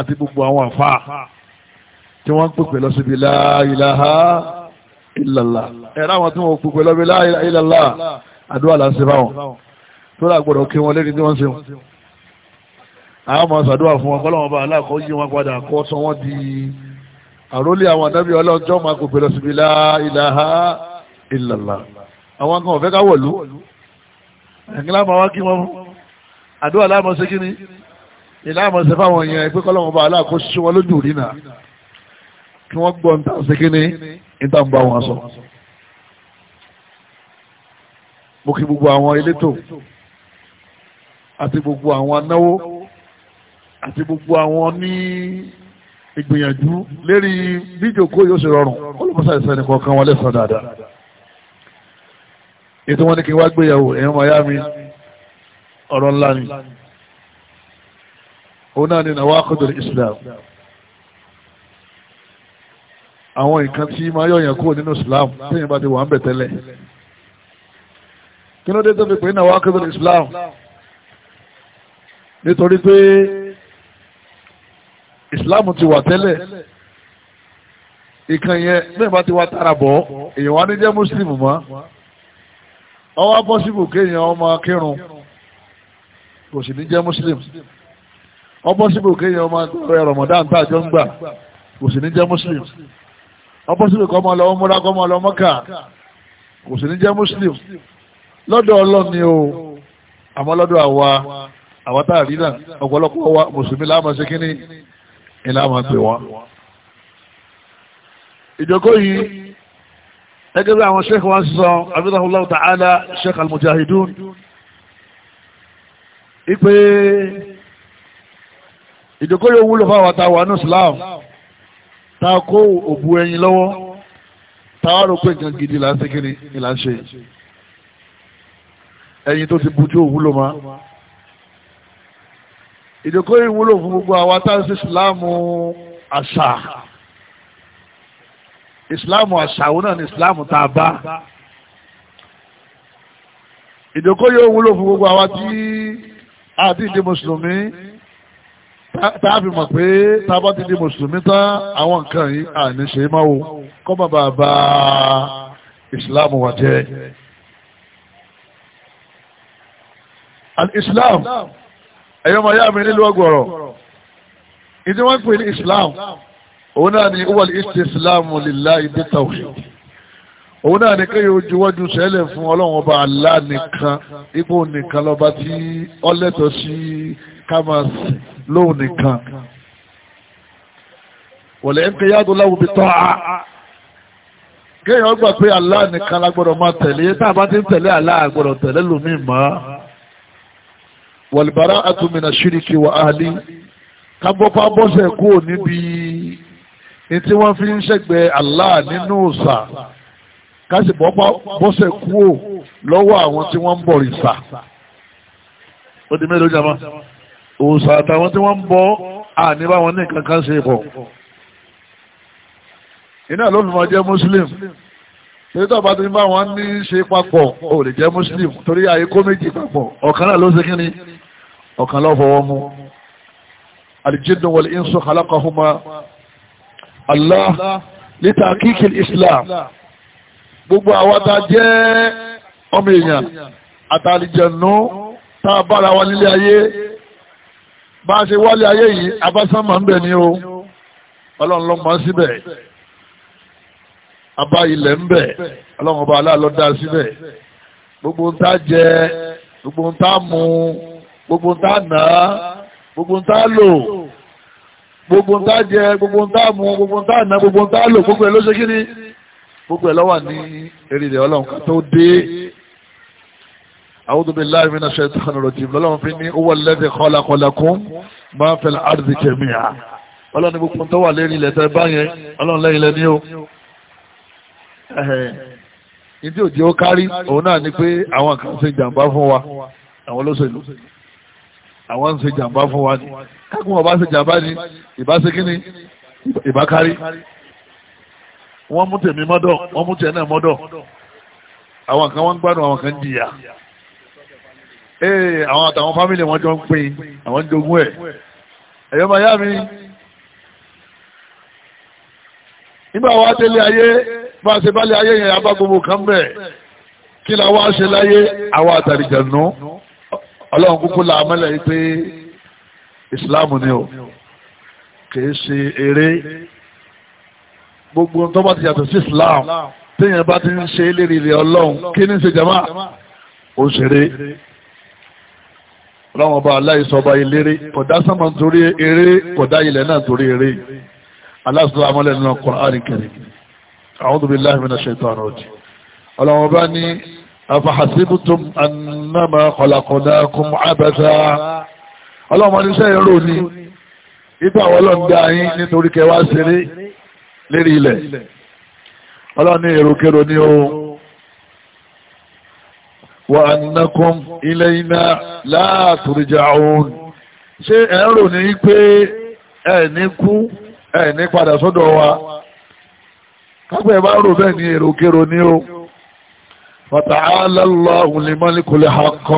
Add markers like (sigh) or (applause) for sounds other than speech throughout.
àti gbogbo àwọn àfà tí wọ́n ń pèpè lọ síbi la ilaha illallah ẹ̀rọ àwọn tí wọ́n pèpè lọ síbi la ilaha illallah àdúrà là ń ṣe báwọn tó rà gbọ́dọ̀ kí wọn lẹ́ni tí wọ́n ń ṣeun àwọn ọmọ ṣàdúrà fún wọn kọ́lọ́wọ́n bá aláàkọ́ yí wọn padà kọ́ sọ wọ́n di àrólé àwọn àdábì ọlọ́jọ́ máa pèpè lọ síbi la ilaha àwọn kan ọ̀fẹ́ ká wọ̀lú àdúrà láàmà ṣe kí ìlànà ṣe fáwọn èèyàn pé kọ́lọ́wọ́n bá aláàkóso sí wọn lójú rí náà kí wọ́n gbọ́ níta ṣe kíní níta ń bá wọn sọ. mo kí gbogbo àwọn elétò àti gbogbo àwọn anáwó àti gbogbo àwọn ní ìgbìyànjú lérí bíjòkó yóò ṣe rọrùn olùmọ́sá ìsẹ́ni kọ̀ọ̀kan wọn lẹ́sàn dáadáa ètò wọn ni kí n gbéyàwó ẹ̀yàn miami ọ̀rọ̀ ńlá ni òun náà ni nawaqidul islam àwọn nǹkan tí máa yọ̀yàn kúrò nínú islam téèyàn bá ti wà ń bẹ̀ tẹ́lẹ̀ kí ló dé tó fi pé nawaqidul islam nítorí pé islam ti wà tẹ́lẹ̀ ìkan yẹn bẹ́ẹ̀ bá ti wá tara bọ̀ èèyàn wá ní jẹ́ muslim mọ́ ọwọ́ bọ́sibù kéèyàn ọmọ kírun kò sì ní jẹ́ muslim. muslim ọpọ́sibò kéèyàn ọmọ ẹ rọmọdán tá àjọ ń gbà kò sì ní jẹ́ muslim ọpọ́sibò kọ́ ọmọ lọ́wọ́ múra kọ́ ọmọ lọ́wọ́ mọ́kà kò sì ní jẹ́ muslim lọ́dọ̀ ọlọ́ni o àmọ́ lọ́dọ̀ àwa àwa tá a rí náà ọ̀pọ̀lọpọ̀ wa mùsùlùmí láàmú sí kínní ìlà àmọ́ pè wọ́n. ìjókòó yìí gẹ́gẹ́ bí àwọn sheikh wa ń sọ abdullahi ta'ala sheikh al-mujahidun ipe ìjókòó yóò wúlò fáwọn àtàwọn ní Islam ta kó òbu ẹyin lọ́wọ́ táwa rò pé nǹkan gidi là ń ṣe kiri ni là ń ṣe ẹyin tó ti bu tí ò wúlò ma ìjókòó yìí wúlò fún gbogbo àwọn àtàwọn Islam àṣà ìsìláàmù àṣàwò náà ni ìsìláàmù tá a bá ìdókó yóò fún gbogbo àwa tí a ti mùsùlùmí tààfi mọ̀ pé tábà ti di mùsùlùmí tán àwọn nǹkan yìí àní ṣe kọ́ bàbá bá ìsìláàmù wà jẹ́. al-islam ẹ̀yọ́ máa yá mi nílùú ọgọ̀rọ̀ ìdí wọ́n ń pè ní islam òun náà ni wọ́n istislamu lillahi bi tawhid òun náà ni kéye ojúwọ́jú sẹ́lẹ̀ fún ọlọ́run ọba Allah nìkan ipò nìkan lọ́ba tí ó sí ká máa sì lóhun nìkan wọ̀lẹ̀ ń pè yàtọ̀ láwùbí tọ́ a kéèyàn gbà pé Allah nìkan la gbọ́dọ̀ máa tẹ̀lé tá a bá ti ń tẹ̀lé Allah gbọ́dọ̀ tẹ̀lé lómi mọ́ wàlìbára àtúmìnà ṣíríkì wà áhàlì kábọ́pá bọ́sẹ̀ kúrò níbi tí wọ́n fi ń ṣẹ̀gbẹ́ Allah nínú òòṣà kásìbọ́pá bọ́sẹ̀ kúrò lọ́wọ́ àwọn tí wọ́n ń bọ̀rìṣà ó di mélòó jama òòsà àtàwọn tí wọ́n ń bọ́ àní báwọn ní nǹkan kan ṣe pọ̀ iná ló lùmọ̀ jẹ́ muslim torí tó bá ti bá wọn ní ṣe papọ̀ ò lè jẹ́ muslim torí àyè kó méjì papọ̀ ọ̀kan náà ló ṣe kí ni ọ̀kan ló fọwọ́ mú aljinnu wal insu khalaqahuma allah litakiki islam gbogbo àwa tá ọmọ èèyàn àtàlìjẹ̀nú tá a bára wa nílé ayé bá a ṣe wálé ayé yìí abásánmà ń bẹ ní o ọlọ́run ló mọ̀ síbẹ̀ abá ilẹ̀ ń bẹ ọlọ́run ọba aláàlọ́ dá síbẹ̀ gbogbo ń tá jẹ gbogbo ń tá mu gbogbo ń tá nà á gbogbo ń tá lò gbogbo ń tá jẹ gbogbo ń tá mu gbogbo ń tá nà gbogbo ń tá lò gbogbo ẹ̀ ló ṣe kí ni gbogbo ẹ̀ ló ní eré rẹ̀ ọlọ́run tó dé. أعوذ بالله من الشيطان الرجيم lọ́lọ́run fi ní هو الذي خلق لكم ما في الأرض جميعا ọlọ́run ní gbogbo tó wà lérí ilẹ̀ tẹ́ báyẹn ọlọ́run lẹ́yìn lẹ́ni ó ìdí òjì ó kárí òun náà ni pé àwọn kan ṣe jàǹbá fún wa àwọn olóṣèlú àwọn ń ṣe jàǹbá fún wa ni kákùn ọba ṣe jàǹbá ni ìbá ṣe kí ni ìbá kárí wọ́n mú tèmi mọ́dọ̀ wọ́n mú tẹ̀ náà mọ́dọ̀ àwọn kan wọ́n ń gbádùn àwọn kan jìyà ee eh, àwọn àtàwọn fámìlì wọn jọ ń pín àwọn jogún ẹ̀ ẹ̀yọ́ máa yá mi nígbà wá délé ayé bá a ṣe bá lé ayé yẹn abá gbogbo kan bẹ̀ kí la wá ṣe láyé àwọn àtàrìjànú ọlọ́run kúkú la mẹ́lẹ̀ yìí pé ìsìláàmù ni o kìí ṣe eré gbogbo tó bá ti yàtọ̀ sí ìsìláàmù téèyàn bá ti ń ṣe lérí ilé ọlọ́run kí ní ṣe jama òṣèré ọlọ́wọ́n bá aláìsọba eléré kọ̀dá sánmà torí eré kọ̀dá ilẹ̀ náà torí eré aláṣọ amọ́lẹ̀ nínú Kùránì Karim a'udhu billahi minash shaitani rajim ọlọ́wọ́n bá ní afahasibutum annama khalaqnakum abatha ọlọ́wọ́n ní sẹ́yìn وأنكم إلينا لا ترجعون ṣé ẹ ń rò ní pé ẹ ní kú ẹ ní padà sọ́dọ̀ wa kápẹ́ bá rò bẹ́ẹ̀ ní èròkèrò ní o fata'ala Allahu al-malikul haqq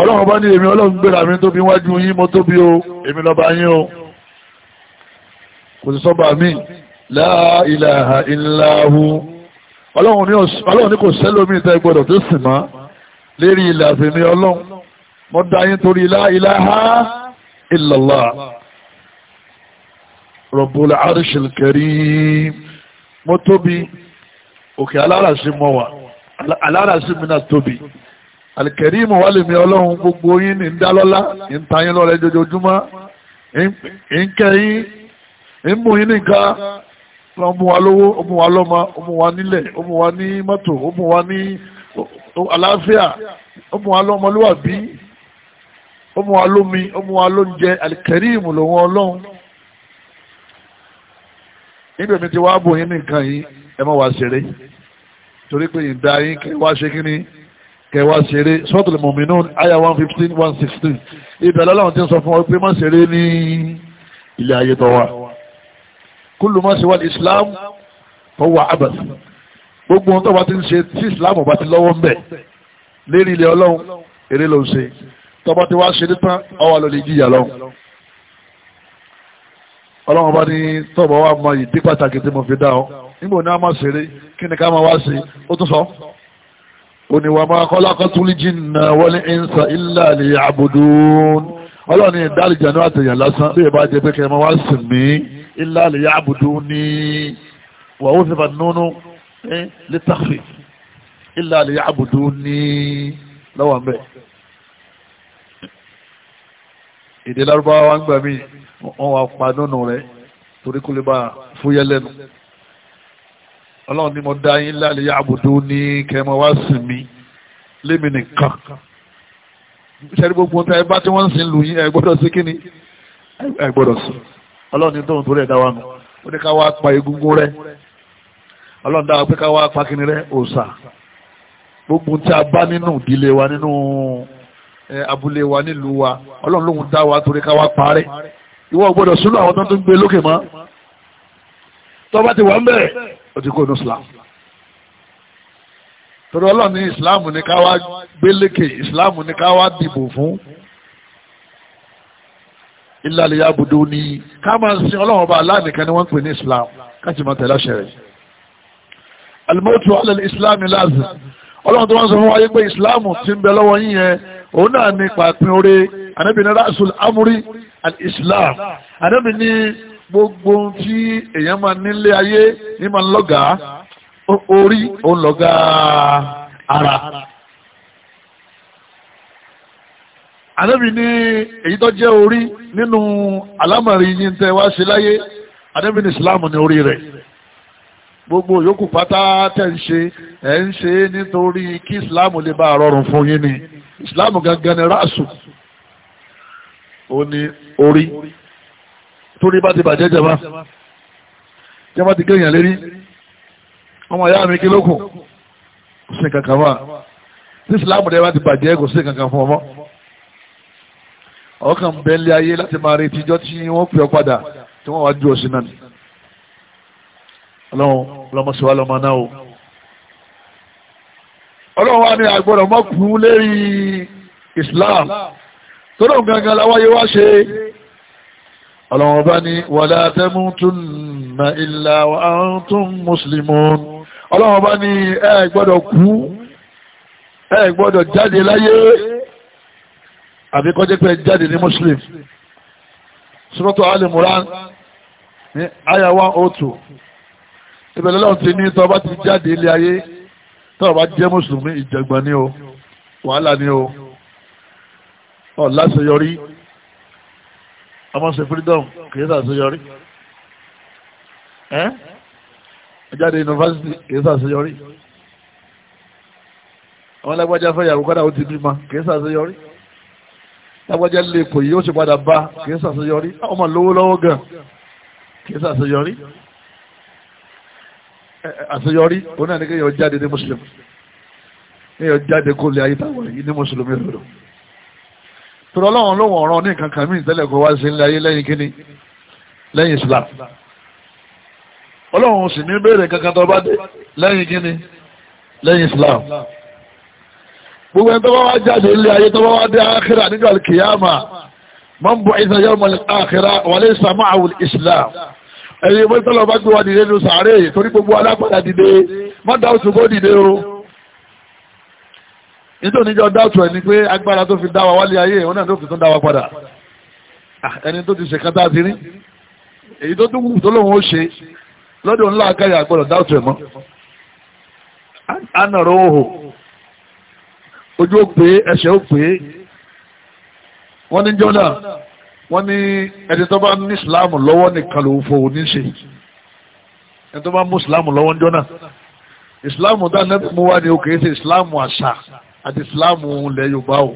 ọlọ́run bá ní èmi ọlọ́run gbéra mi tóbi wájú yín mo tóbi o èmi lọ́ba yín o kò sí sọ́ba mi la ilaha illa hu ọlọ́run ní kò sẹ́lómi tẹ́ gbọ́dọ̀ tó sì máa lérí ilẹ̀ àfẹ́mi ọlọ́run mọ́ dáyín torí la ilaha illallah Rabbul Arshil Karim tóbi òkè aláràṣí mọ́ wà aláràṣí mi náà tóbi Al-Karim wà lèmi ọlọ́run gbogbo yín ní dálọ́lá ń ta lọ́rẹ́ jojoojúmọ́ ń kẹ́ nìkan lọ́mú wa lówó ó wa lọ́mọ ó wa nílẹ̀ ó wa ní mọ́tò ó wa ní àlàáfíà ó mú wa lọ́mọlúwàbí ó mú wa lómi ó mú wa lóúnjẹ alikẹ́rìmù lòun ọlọ́run níbi èmi ti wá bò yín ní nǹkan yìí ẹ má wá ṣeré torí pé ìdá yín kẹ wá ṣe kíní kẹ wá ṣeré sọ́tùlù mọ̀mínú àyà one fifteen one sixteen ibẹ̀ lọ́lọ́run ti ń sọ fún ọ pé má ṣeré ní ilé ayé tó wà kúlù wà ní Islam fọwọ́ abàtì gbogbo ohun tó bá ti ń ṣe tí ìsìláàmù bá ti lọ́wọ́ ń bẹ̀ lérí ilẹ̀ ọlọ́run eré ló ń ṣe tó bá ti wá ṣe nítán ọwọ́ ló lè jìyà lọ́hùn. ọlọ́run bá ní tọ́bọ̀ wá mọ ìdí pàtàkì tí mo fi dá ọ nígbò ní a máa ṣeré kí ni ká máa wá ṣe ó tún sọ. oníwà máa kọ́ lákọ́túlì jìnnà wọlé ẹ̀ńsà ilà lè àbùdùn ọlọ́run ní ìdálìjà ní àtẹ̀yàn lásán bí ìbá jẹ́ pé kẹ́ máa wá sìn mí ilà lè àbùdùn ní wàhùn sífà nínú létàfẹ́ ilà àlè àbùdó ní lọ́wọ́ mbẹ́. èdè lárúbáwá wa ń gbà mí wọ́n wá pa nínú rẹ̀ torí kó lè bá fúyẹ́ lẹ́nu. ọlọ́run ni mo dá yín láàlè àbùdó ní kẹmọ wá sí mi lémi nìkan. sẹ́ni gbogbo ọ̀tá ẹ bá tí wọ́n ń sin lù yín ẹ gbọ́dọ̀ sí kíni ẹ gbọ́dọ̀ sí. ọlọ́run ni tóun torí ẹ̀ dá wa nù ó ní ká wá pa egungun rẹ̀ ọlọ́dà pé ká wá pákínní rẹ òòsà gbogbo tí a bá nínú ìdílé wa nínú abúlé wa nílùú wa ọlọ́run lóhun dá wa torí ká wá parẹ́ ìwọ gbọ́dọ̀ súnú àwọn tó ń gbé lókè mọ́ tó bá ti wà ń bẹ̀rẹ̀ ó ti kó inú islam torí ọlọ́run ní islam ní ká wá gbé lékè islam ní ká wá dìbò fún ìlàlẹ̀ yabudu ni ká máa sin ọlọ́run ọba aláàánìkan ni wọ́n ń pè ní islam ká sì tẹ̀lé àṣẹ rẹ̀. الموت على ìsìláàmù لازم. ọlọ́run tó wọ́n sọ fún wáyé pé ìsìláàmù ti ń bẹ lọ́wọ́ yín yẹn òun náà ní pàpín oore anábì ní rasul amúrí alìsìláàmù anábì ní gbogbo tí èèyàn máa nílé ayé ní máa ń lọ́gàá orí òun lọ́gàá ara. Ànábì ní èyí tó jẹ́ orí nínú alámọ̀rí yín tẹ́ wá sí láyé, Ànábì ní Ìsìláàmù ní orí rẹ̀ gbogbo yòókù pátá tẹ̀ ń ṣe ẹ̀ ń ṣe nítorí kí islam lè bá rọrùn fún yín ni islam gangan ni ráàsù ó ní orí torí bá ti bàjẹ́ jẹba jẹba ti kéèyàn lérí ọmọ ìyá mi kí lókun kò sí kankan wà tí islam rẹ bá ti bàjẹ́ kò sí kankan fún ọmọ ọkàn bẹ́ẹ̀ ayé láti máa retí ijọ́ tí wọ́n pè ọ́ padà tí wọ́n wá ju ọ̀sìn náà ọlọ́run ọlọ́mọṣẹ́wá lọ́mọ náà o ọlọ́run wa ni àgbọ̀dọ̀ mọ́kùnrin lérí Islam tọ́lọ̀ gangan láwáyé wá ṣe ọlọ́run ọba ni wàlá tẹ́mútùnà ìlà àǹtún muslimun ọlọ́run ọba ni ẹ gbọ́dọ̀ kú ẹ gbọ́dọ̀ jáde láyé àbíkọ́jẹ́ pé jáde ní muslim Suratu Ali ní àyà 102 ìbẹ̀lẹ̀ lọ́wọ́ ti ní tọ́ bá ti jáde ilé ayé tọ́ bá jẹ́ mùsùlùmí ìjàngbọ̀n ni o wàhálà ni o ọ̀ láṣeyọrí ọmọ freedom kìí ṣàṣeyọrí ẹ́ jáde yunifásitì kìí ṣàṣeyọrí àwọn lágbájá fẹ́yàwó kọ́dà ó ti bímọ kìí ṣàṣeyọrí lágbájá lè kò yí ó sì padà bá kìí ṣàṣeyọrí ọmọ lówó lọ́wọ́ gan kìí ṣàṣeyọrí àṣeyọrí òun náà ní kéèyàn jáde ní mùsùlùmí kéèyàn jáde kó lè ayé táwọn yìí ní mùsùlùmí lòdò tòrọ ọlọ́run ló wọ̀n ọ̀ràn ní nǹkan kan mí tẹ́lẹ̀ kó wá sí ilé ayé lẹ́yìn kíní lẹ́yìn Islam ọlọ́run sì ní béèrè kankan tó bá dé lẹ́yìn kíní lẹ́yìn Islam gbogbo ẹni tó bá wá jáde ilé ayé tó bá wá dé àkírà níjọ́ àlùkìyàmà man bu'itha yawmal akhirah wa laysa ma'ahu al-Islam ẹ̀yẹ bó tọ́lọ bá gbé wa dìde ló sàárè torí gbogbo alágbàdà dìde má dáwùtù kó dìde o nítorí níjọ dáwùtù ẹ̀ ni pé agbára tó fi dá wa wálé ayé òun náà tó fi tún dá wa padà ah, ẹni tó ti ṣe kátà sí rí èyí tó dúkù tó lóun ó ṣe lọ́dọ̀ ńlá akáyà gbọ́dọ̀ dáwùtù ẹ̀ mọ́ anàrọ̀ òhò ojú ó pé ẹsẹ̀ ó pé wọ́n ní jọ́nà wọ́n ní ẹni tó bá ní ìsìláàmù lọ́wọ́ nìkan ló fò ní ṣe ẹni tó bá mú ìsìláàmù lọ́wọ́ jọ́nà ìsìláàmù dá nẹ́bí mú wá ní o kìí ṣe ìsìláàmù àṣà àti ìsìláàmù ilẹ̀ Yorùbá o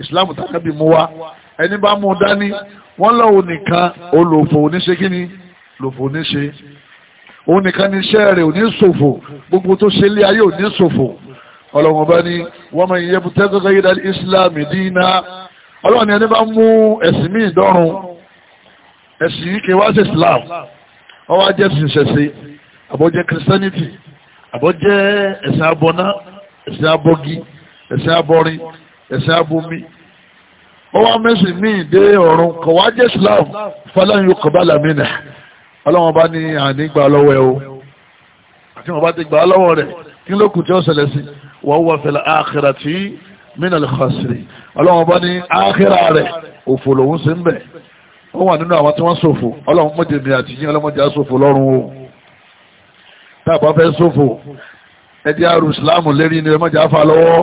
ìsìláàmù tá nẹ́bí mú wá ẹni bá mú dání wọ́n lọ́wọ́ nìkan ó lò fò ní ṣe kí ni lò fò ní ṣe òun nìkan ní iṣẹ́ rẹ̀ ò ní ṣòfò gbogbo tó ṣe lé ayé ò ní ṣòfò ọlọ́wọ́n bá ní wọ́n máa yẹ ọlọ́run ni ẹni bá mú ẹ̀sìn míì dọ́run ẹ̀sìn yìí kìí wá sí Islam wọ́n wá jẹ́ ẹ̀sìn ṣẹ̀ṣe àbọ̀jẹ́ Christianity àbọ̀jẹ́ ẹ̀sìn abọ́ná ẹ̀sìn abọ́gi ẹ̀sìn abọ́rin ẹ̀sìn abomi wọ́n wá mẹ́sìn míì dé ọ̀run kò wá jẹ́ Islam fọlọ́run yóò kọ̀bá làmínà ọlọ́run bá ní ànígbà lọ́wọ́ ẹ o àti wọn bá ti gbà á lọ́wọ́ rẹ̀ kí ló tí ó ṣẹlẹ̀ sí wọ́n wọ́n fẹ́lẹ̀ min al-khasiri ọlọ́run bá ní ákírà rẹ̀ òfò lòun sí ń bẹ̀ ó wà nínú àwọn tí wọ́n ṣòfò ọlọ́run mọ́jẹ̀ mi àti yín ọlọ́mọdé aṣòfò lọ́rùn o táàpá fẹ́ ṣòfò ẹdí àrùn ìsìláàmù lérí ni ọmọdé afá lọ́wọ́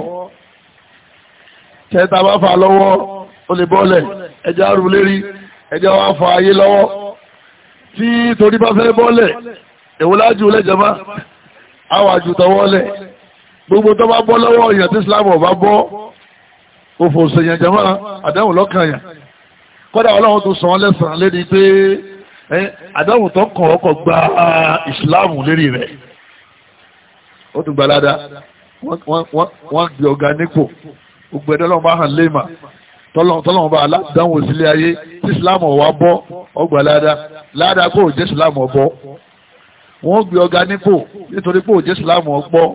tẹ́ta bá fà lọ́wọ́ ó lè bọ́ọ̀lẹ̀ ẹjẹ́ àrùn lérí ẹjẹ́ wá fà ayé lọ́wọ́ tí torí bá fẹ́ bọ́ọ̀lẹ̀ èwo lájú lẹ́jọ́ bá àwàjù tọwọ́lẹ̀ gbogbo tó bá bọ́ lọ́wọ́ èèyàn tí islam ọba bọ́ òfò ṣèyàn jama àdáhùn lọ́kàn yàn kọ́dà ọlọ́run tó sàn án lẹ́sàn-án lédi pé àdáhùn tó kàn ọkọ̀ gba islam lérí rẹ̀ ó tún gba ládàá wọ́n gbé ọ̀gá nípò gbogbo ẹ̀dọ́ lọ́wọ́ bá hàn léèmà tọ́lọ́wọ́ bá aládàáwò sílé ayé tí islam ọ̀wá bọ́ ọgbà ládàá ládàá kò jẹ́ islam ọ̀bọ wọ́n gbé ọ̀gá nípò nítorí pé òjẹ́ islam ọ̀gbọ́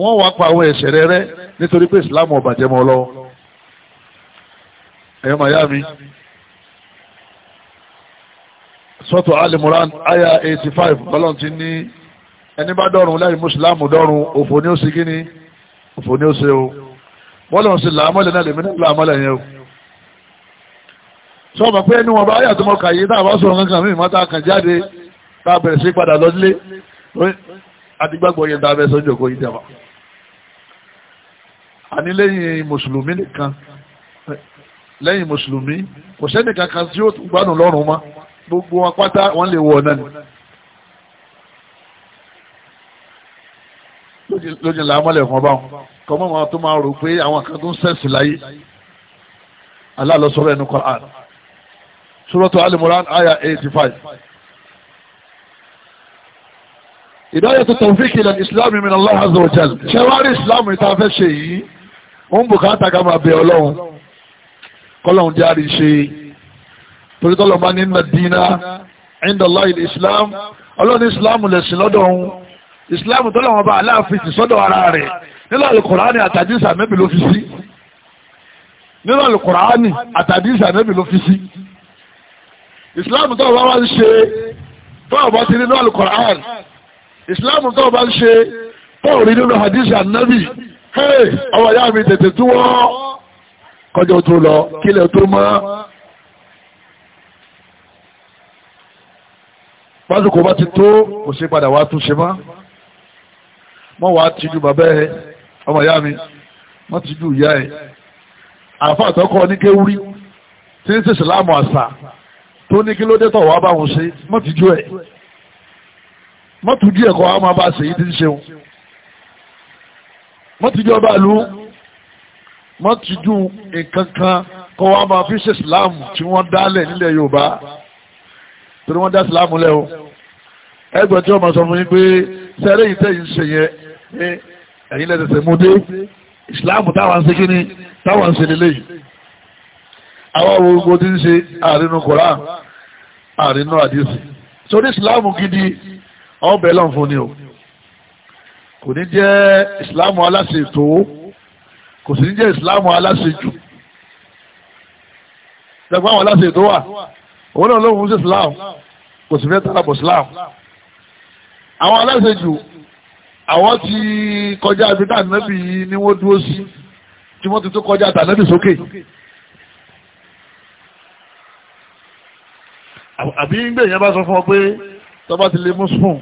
wọ́n wá pa àwọn ẹ̀ṣẹ̀ rẹ rẹ́ nítorí pé ìsìláàmù ò bàjẹ́ mọ́ lọ́wọ́ ẹ̀yọ́ miami sọ́tọ̀ alimuran aya 85 bọ́lọ́n ti ní ẹni bá dọ́rùn láì mùsùlámù dọ́rùn òfò ní ó sì gíní òfò ní ó se o bọ́lọ́n sí làámọ́lẹ̀ náà lèmi náà làámọ́lẹ̀ yẹn o sọ́ọ̀mọ̀ pé ẹni wọn bá ayà tó mọ́ kàyé náà bá sọ̀rọ̀ kankan mímọ́ tá a kàn jáde tá a bẹ̀rẹ̀ sí padà lọ́dílé àdìgbàgbọ́ yẹn tá a bẹ́ sọ́jọ́ kó yí jẹ́ wa àní lẹ́yìn mùsùlùmí nìkan lẹ́yìn mùsùlùmí kò sẹ́ni kankan tí ó gbádùn lọ́rùn mọ́ gbogbo wọn pátá wọ́n lè wọ ọ̀nà ni. lójú ńlá amọ́lẹ̀ kan báwọn kọ́mọ́ wọn tó máa rò pé àwọn kan tó ń sẹ́sì láyé Allah ló ẹnu Qur'an Suratu al aya eighty five. Hidayatu tawfiq ila al-Islam min Allah azza wa jalla ṣẹ́wárí ìsìlámù òun bùkátà ká máa bẹ ọlọ́run kọ́lọ́run járe ṣe torí tọ́lọ́run bá ní Madina indala ilẹ̀ Islam ọlọ́run Islam lẹ̀sìn lọ́dọ̀ òun Islam tọ́lọ́run bá aláàfin sì sọ́dọ̀ ara rẹ̀ nínú alukùránì àtàdísà mẹ́bí ló fi sí nínú alukùránì àtàdísà mẹ́bí ló fi sí Islam tọ́lọ́run bá wá ń ṣe tọ́lọ́run bá ti nínú alukùránì Islam tọ́lọ́run bá ń ṣe tọ́lọ́run nínú hadisi ọwọ́ ìyá mi tètè túwọ́ kọjọ tó lọ kílẹ̀ tó mọ́ pásìkò bá ti tó kò sí padà wá tún ṣe mọ́ mọ́ wá ti ju bàbá ẹ ọmọ mi mọ́ ti ju ìyá ẹ àfa àtọ́kọ́ ní kéwúrí tí ń sèṣe láàmú àṣà tó ní kí ló dé tọ̀ wá báwọn ṣe mọ́ ti ju ẹ̀ mọ́ tún díẹ̀ kọ́ wá máa bá ṣèyí tí ń ṣeun mọ́tìjọba lu mọ́tìjú nǹkan kan kọ́ wa máa fi ṣe islam tí wọ́n dálẹ̀ nílẹ̀ yorùbá torí wọ́n dá islam lẹ́ o ẹgbẹ́ tí wọ́n máa sọ fún yín pé sẹ́rẹ́ yìí tẹ̀yìn ṣe yẹn ẹ̀yin lẹ́sẹ̀sẹ̀ mú dé islam táwọn ń ṣe kí ni táwọn ń ṣe lélẹ́yìí àwọn gbogbo tí ń ṣe àrínú koran àrínú àdìsí sórí islam gidi ọbẹ̀ lọ́n fún ni o kò ní jẹ́ ìsìláàmù aláṣetò kò sì ní jẹ́ ìsìláàmù aláṣejù ṣẹgbọ́n àwọn aláṣetò wà òun náà lóhun sí ìsìláàmù kò sì fẹ́ tààbọ̀ ìsìláàmù àwọn aláṣejù àwọn ti kọjá abidá nàbì ni wọ́n dúró sí tí wọ́n ti tó kọjá tànàbì sókè àbí ń gbé èèyàn bá sọ fún ọ pé tọ́ba ti lè mú spoon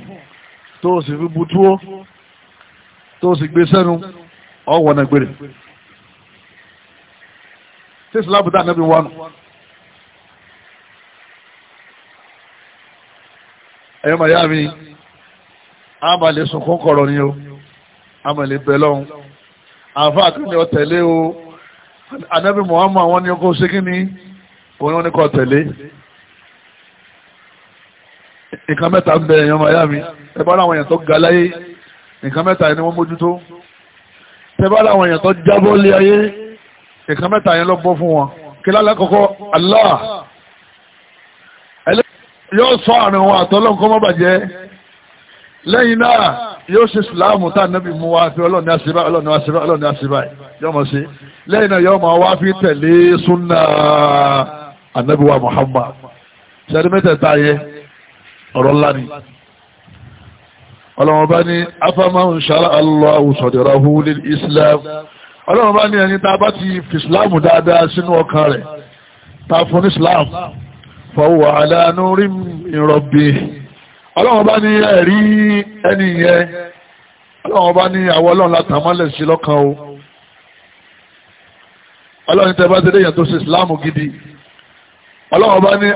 tó o sì fi bu túwó tó sì gbé sẹ́nu ọwọ́ náà gbére tí ìsìláàbù dá nẹ́bí wánu ẹ̀yọ́ màá yá mi àbàlẹ̀ sunkún kọ̀rọ̀ ni o àmàlẹ̀ bẹ̀lọ́hún àfa àtúndì ọ̀tẹ̀lé o anábì Muhammad wọn ni ọkọ̀ ṣégin ni òun ni kò tẹ̀lé nǹkan mẹ́ta ń bẹ ẹ̀yọ́ màá yá mi ẹ bá láwọn èèyàn tó ga láyé nǹkan mẹ́ta ni wọ́n mójútó tẹ́bá láwọn èèyàn tó jábọ́ lé ayé nǹkan mẹ́ta yẹn lọ bọ́ fún wọn kí lálákọ̀ọ́kọ́ Allah yóò sọ àrùn wọn àtọ́lọ́ nǹkan mọ́bàjẹ́ lẹ́yìn náà yóò ṣe sùláàmù tá ànábì mú wa fi ọlọ́ọ̀ni àṣìbá ọlọ́ọ̀ni àṣìbá ọlọ́ọ̀ni àṣìbá yóò mọ̀ sí lẹ́yìn náà yóò mọ̀ wá fi tẹ̀lé súnà ànábì wa Muhammad ṣẹ́ni mẹ́tẹ̀ẹ̀ta yẹ ọ̀rọ̀ ńlá ni ọlọ́wọ́n bá ní afámáhùn ṣára aláwọ̀ sọ̀dọ̀rọ̀ húlé islam ọlọ́wọ́n bá ní ẹni tá bá ti fi islam dáadáa sínú ọkàn rẹ̀ ta fún islam fọwọ́ aláàánú rí ìrọ̀bì ọlọ́wọ́n bá ní ẹ̀rí ẹni yẹn ọlọ́wọ́n bá ní àwọ̀ ọlọ́run látàmọ́lẹ̀ sí lọ́kàn o ọlọ́run tẹ́ bá dédé yẹn tó ní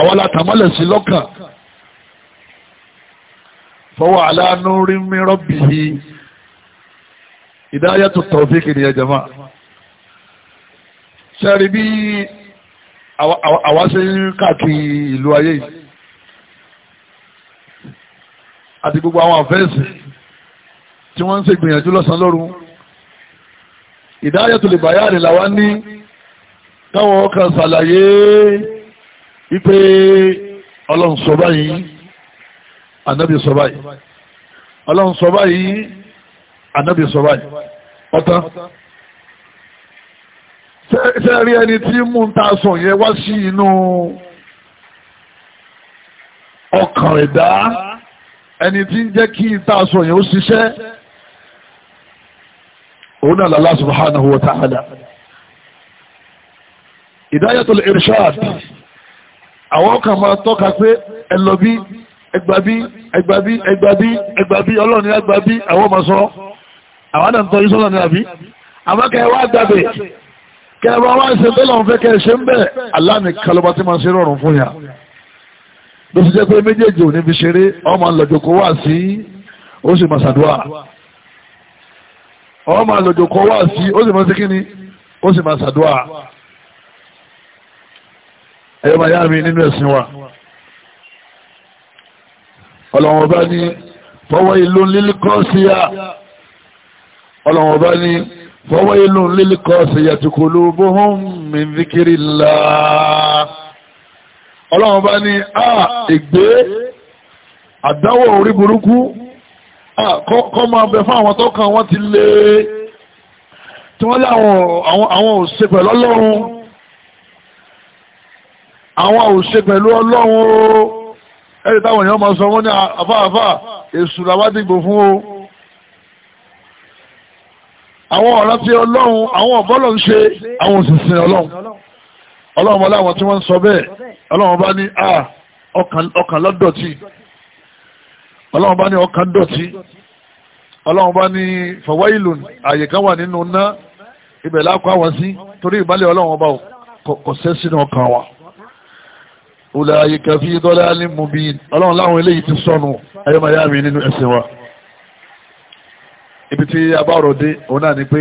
àwọ̀ látàmọ́lẹ̀ sí lọ́kàn fọwọ́ aláàánú rí mírọ́ bì í ìdáyàtò tọ̀fíkì ni ẹjọ́mà sẹ́rí bí àwa ṣe ń káàkiri ìlú ayé yìí àti gbogbo àwọn àfẹ́ẹ̀sì tí wọ́n ń ṣe gbìyànjú lọ́sàn-án lóru ìdáyàtò lè bàyá rẹ̀ làwa ní táwọn ọkàn ṣàlàyé wípé ọlọ́run sọ anabi sọ báyìí ọlọ́run sọ báyìí anabi sọ báyìí ọ̀tá ṣe rí ẹni tí mú ń ta sọ yẹn wá sí inú ọkàn ẹ̀dá ẹni tí ń jẹ́ kí ń ta ó ṣiṣẹ́ òun náà lálá subhanahu wa ta'ala Hidayatul Irshad àwọn kan máa tọ́ka pé ẹ ẹgbàbí ẹgbàbí ẹgbàbí ẹgbàbí ọlọ́run ní ẹgbàbí àwọn ọmọ sọ àwọn náà ń tọ́ ìṣọ́lọ̀ ní àbí àmọ́kẹ́ wá gbàbẹ̀ kẹwàá wá ṣe bẹ́ẹ̀ lọ́n fẹ́ kẹ́ ṣe ń bẹ̀ aláàmì kalọba tí máa ṣe rọrùn fún yà ló ti jẹ́ pé méjèèjì ò ní fi ṣeré ọmọ àlọ́jọkọ wà sí ó sì máa ṣàdúrà ọmọ àlọ́jọkọ wà sí ó sì máa ṣe kíni ó sì máa ṣàdúrà ẹ̀yọ́ màá yá mi nínú ẹ̀sìn wa ọlọ́run ọba ní fọwọ́ ìlú lílíkọ́ sí yá ọlọ́run ọba ní fọwọ́ ìlú lílíkọ́ sí yá tí kò ló bóhùn mi zikiri lá ọlọ́run ọba ní à ègbé àdáwọ̀ orí burúkú kọ́ máa bẹ fún àwọn tọ́kàn wọ́n ti lé tí wọ́n lé àwọn òṣè pẹ̀lú ọlọ́run àwọn òṣè pẹ̀lú ọlọ́run o ẹ̀rì táwọn èèyàn máa sọ wọ́n ní àfáàfá èṣù làwa dìgbò fún o àwọn ọ̀rọ̀ tí ọlọ́run àwọn ọ̀bọ́lọ̀ ń ṣe àwọn òṣìṣẹ́ ọlọ́run ọlọ́run bọ́lá àwọn tí wọ́n ń sọ bẹ́ẹ̀ ọlọ́run bá ní à ọkàn lọ́dọ̀tì ọlọ́run bá ní ọkàn dọ̀tì ọlọ́run bá ní fawailun àyè kan wà nínú ná ibẹ̀ lákọ̀ àwọn sí torí ìbálẹ̀ ọlọ́run ọba kò sẹ́ sínú ọkàn wa ọláyíká fi dọ́lá ní mubí ọlọ́run láwọn eléyìí ti sọnù ayọ́mayá mi nínú ẹ̀sìn wa ibi tí a bá ọ̀rọ̀ dé òun náà ni pé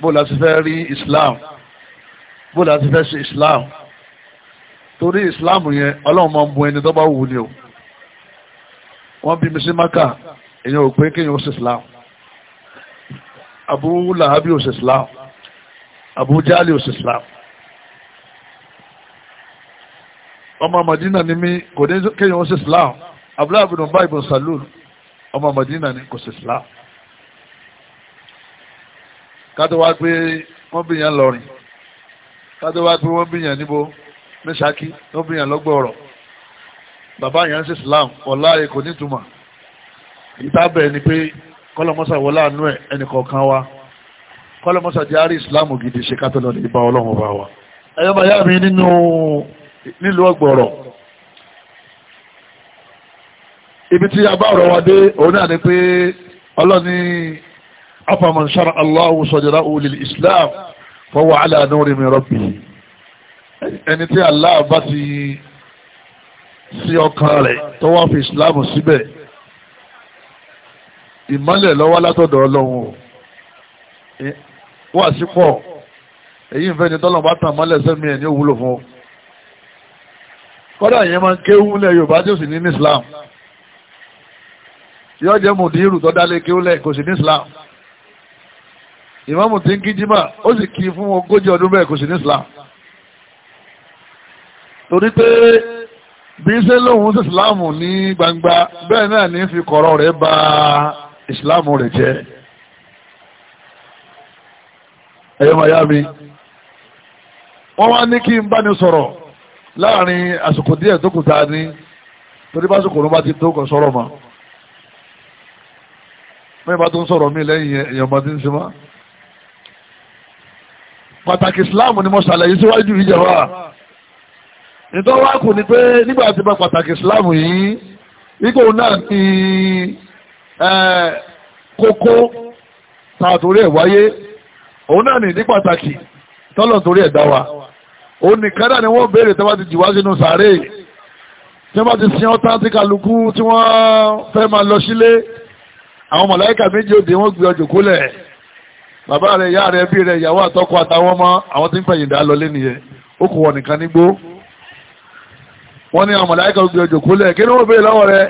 bó la ti fẹ́ rí islam bó la ti fẹ́ ṣe islam torí islam yẹn ọlọ́run máa ń bu ẹni tó wù ni o wọ́n bí mi sí maka èèyàn ò pé kéèyàn ó ṣe islam abu lahabi ò ṣe islam abu jali ò ṣe islam. ọmọ Madina ni mi kò ní kéèyàn ó Islam Abdullahi bin Ubay bin Salul ọmọ Madina ni kò ṣe Islam kátó wá pé wọ́n bí yàn lọ́rin kátó wá pé wọ́n bí yàn níbo ní Ṣakí wọ́n bí yàn lọ́gbọ̀ọ̀rọ̀ bàbá yàn ṣe Islam ọ̀la kò ní túmọ̀ ìtàbẹ̀ ni pé kọ́lọ́mọ́sà wọlé àánú ẹ̀ ẹnìkọ̀ọ̀kan wa kọ́lọ́mọ́sà di Islam gidi ṣe kátó lọ́dẹ̀ ìbá ọlọ́run bá wa ẹ̀yọ́ nílùú ọgbọ̀rọ̀ ibi tí a bá ọ̀rọ̀ wa dé òun náà ni pé ọlọ́ni afaman shara Allahu sadrahu lil Islam fa huwa ala nurin min ẹni tí Allah bá ti sí ọkàn rẹ̀ tó wá fi Islam síbẹ̀ ìmọ́lẹ̀ lọ́wọ́ látọ̀dọ̀ ọlọ́run wà sípọ̀ èyí ń fẹ́ ni tọ́lọ̀ bá tàn mọ́lẹ̀ sẹ́mi ẹ̀ ní òwúlò fún un kọ́dà yẹn máa ń kéwú lẹ̀ yorùbá tí ó sì ní ní islam yóò jẹ́ mùdírù tó dálé kéwú lẹ̀ kò sì ní islam ìmáàmù tí ń kí jímà ó sì kí fún ogójì ọdún bẹ́ẹ̀ kò sì ní islam torí pé bí ṣe lóhun sí islam ní gbangba bẹ́ẹ̀ náà ní fi kọ̀rọ̀ rẹ̀ bà islam rẹ̀ jẹ́ ẹ̀yọ́ mayami wọ́n wá ní kí n bá ní sọ̀rọ̀ láàrin àsìkò díẹ̀ tó kù tá a ní torí bá sòkòrò bá ti tó kàn sọ̀rọ̀ mọ́ mẹ́rin bá tó ń sọ̀rọ̀ mí lẹ́yìn èèyàn bá ti ń sinmi. pàtàkì Islam ni mo ṣàlàyé síwájú ìjọba nítorí wá kù ni pé nígbà tí mo pàtàkì Islam yìí ikọ̀ náà ni kókó tá a wáyé òun náà ni ní pàtàkì tọ́lọ̀ torí ẹ̀ wa onìkan náà ni wọ́n béèrè tí wọ́n ti jù wá sínú sàárè tí wọ́n ti sin ọ́tá tí kálukú tí wọ́n fẹ́ máa lọ sílé àwọn màláíkà méjì òde wọ́n gbé ọjọ́ kólẹ̀ bàbá rẹ̀ ìyá rẹ̀ bí rẹ̀ ìyàwó àtọkọ àtàwọn ọmọ àwọn tí ń pẹ̀yìn dá lọ lé nìyẹn ó kò wọ̀ nìkan nígbó wọ́n ní àwọn màláíkà gbé ọjọ́ kólẹ̀ kí ni wọ́n béèrè lọ́wọ́ rẹ̀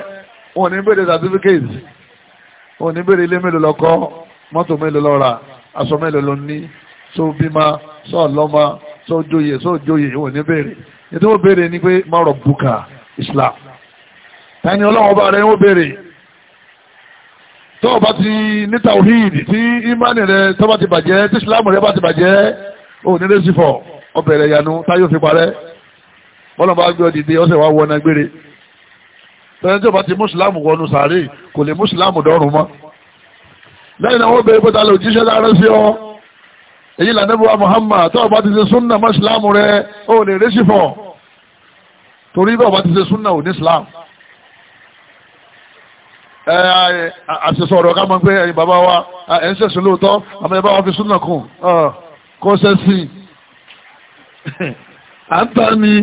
wọ́n ní béèrè certificate wọ́n ní béèrè ilé mélòó lọ́kọ́ mọ́tò mélòó lọ́ra aṣọ mélòó ló ní tó bímọ sójóye sójóye ìwọ̀n ní béèrè ní tó béèrè ni pé mọ̀rọ̀ buka islam ẹni ọlọ́wọ́ bá rẹ̀ ń béèrè tó o bá ti ní tawhid tí imani rẹ̀ tó bá ti bàjẹ́ tí islam rẹ̀ bá ti bàjẹ́ ò ní lè sífọ̀ ọbẹ̀ rẹ̀ yanu táyọ̀ fi parẹ́ bọ́lá bá gbé ọdìdí ọ̀sẹ̀ wa wọ náà gbére tẹ́lẹ̀ tó bá ti mùsùlámù wọnú sàárè kò lè mùsùlámù dọ́rùn mọ́ lẹ́yìn náà wọ́n béèrè pé ta lè òjíṣẹ́ láàárọ̀ sí ọ èyí là nẹ́bùwá Muhammad tó ọba ti ṣe súnà má ìsìláàmù rẹ ó lè réṣì fọ̀ torí bí ọba ti ṣe súnà ò ní ìsìláàmù. ẹ àṣìṣọ ọ̀rọ̀ ká máa ń pé ẹ̀yin bàbá wa ẹ̀ ń ṣẹ̀sùn lóòótọ́ àmọ́ ẹ bá wa fi súnà kù kó ṣe sí i. (laughs) à ń tà ní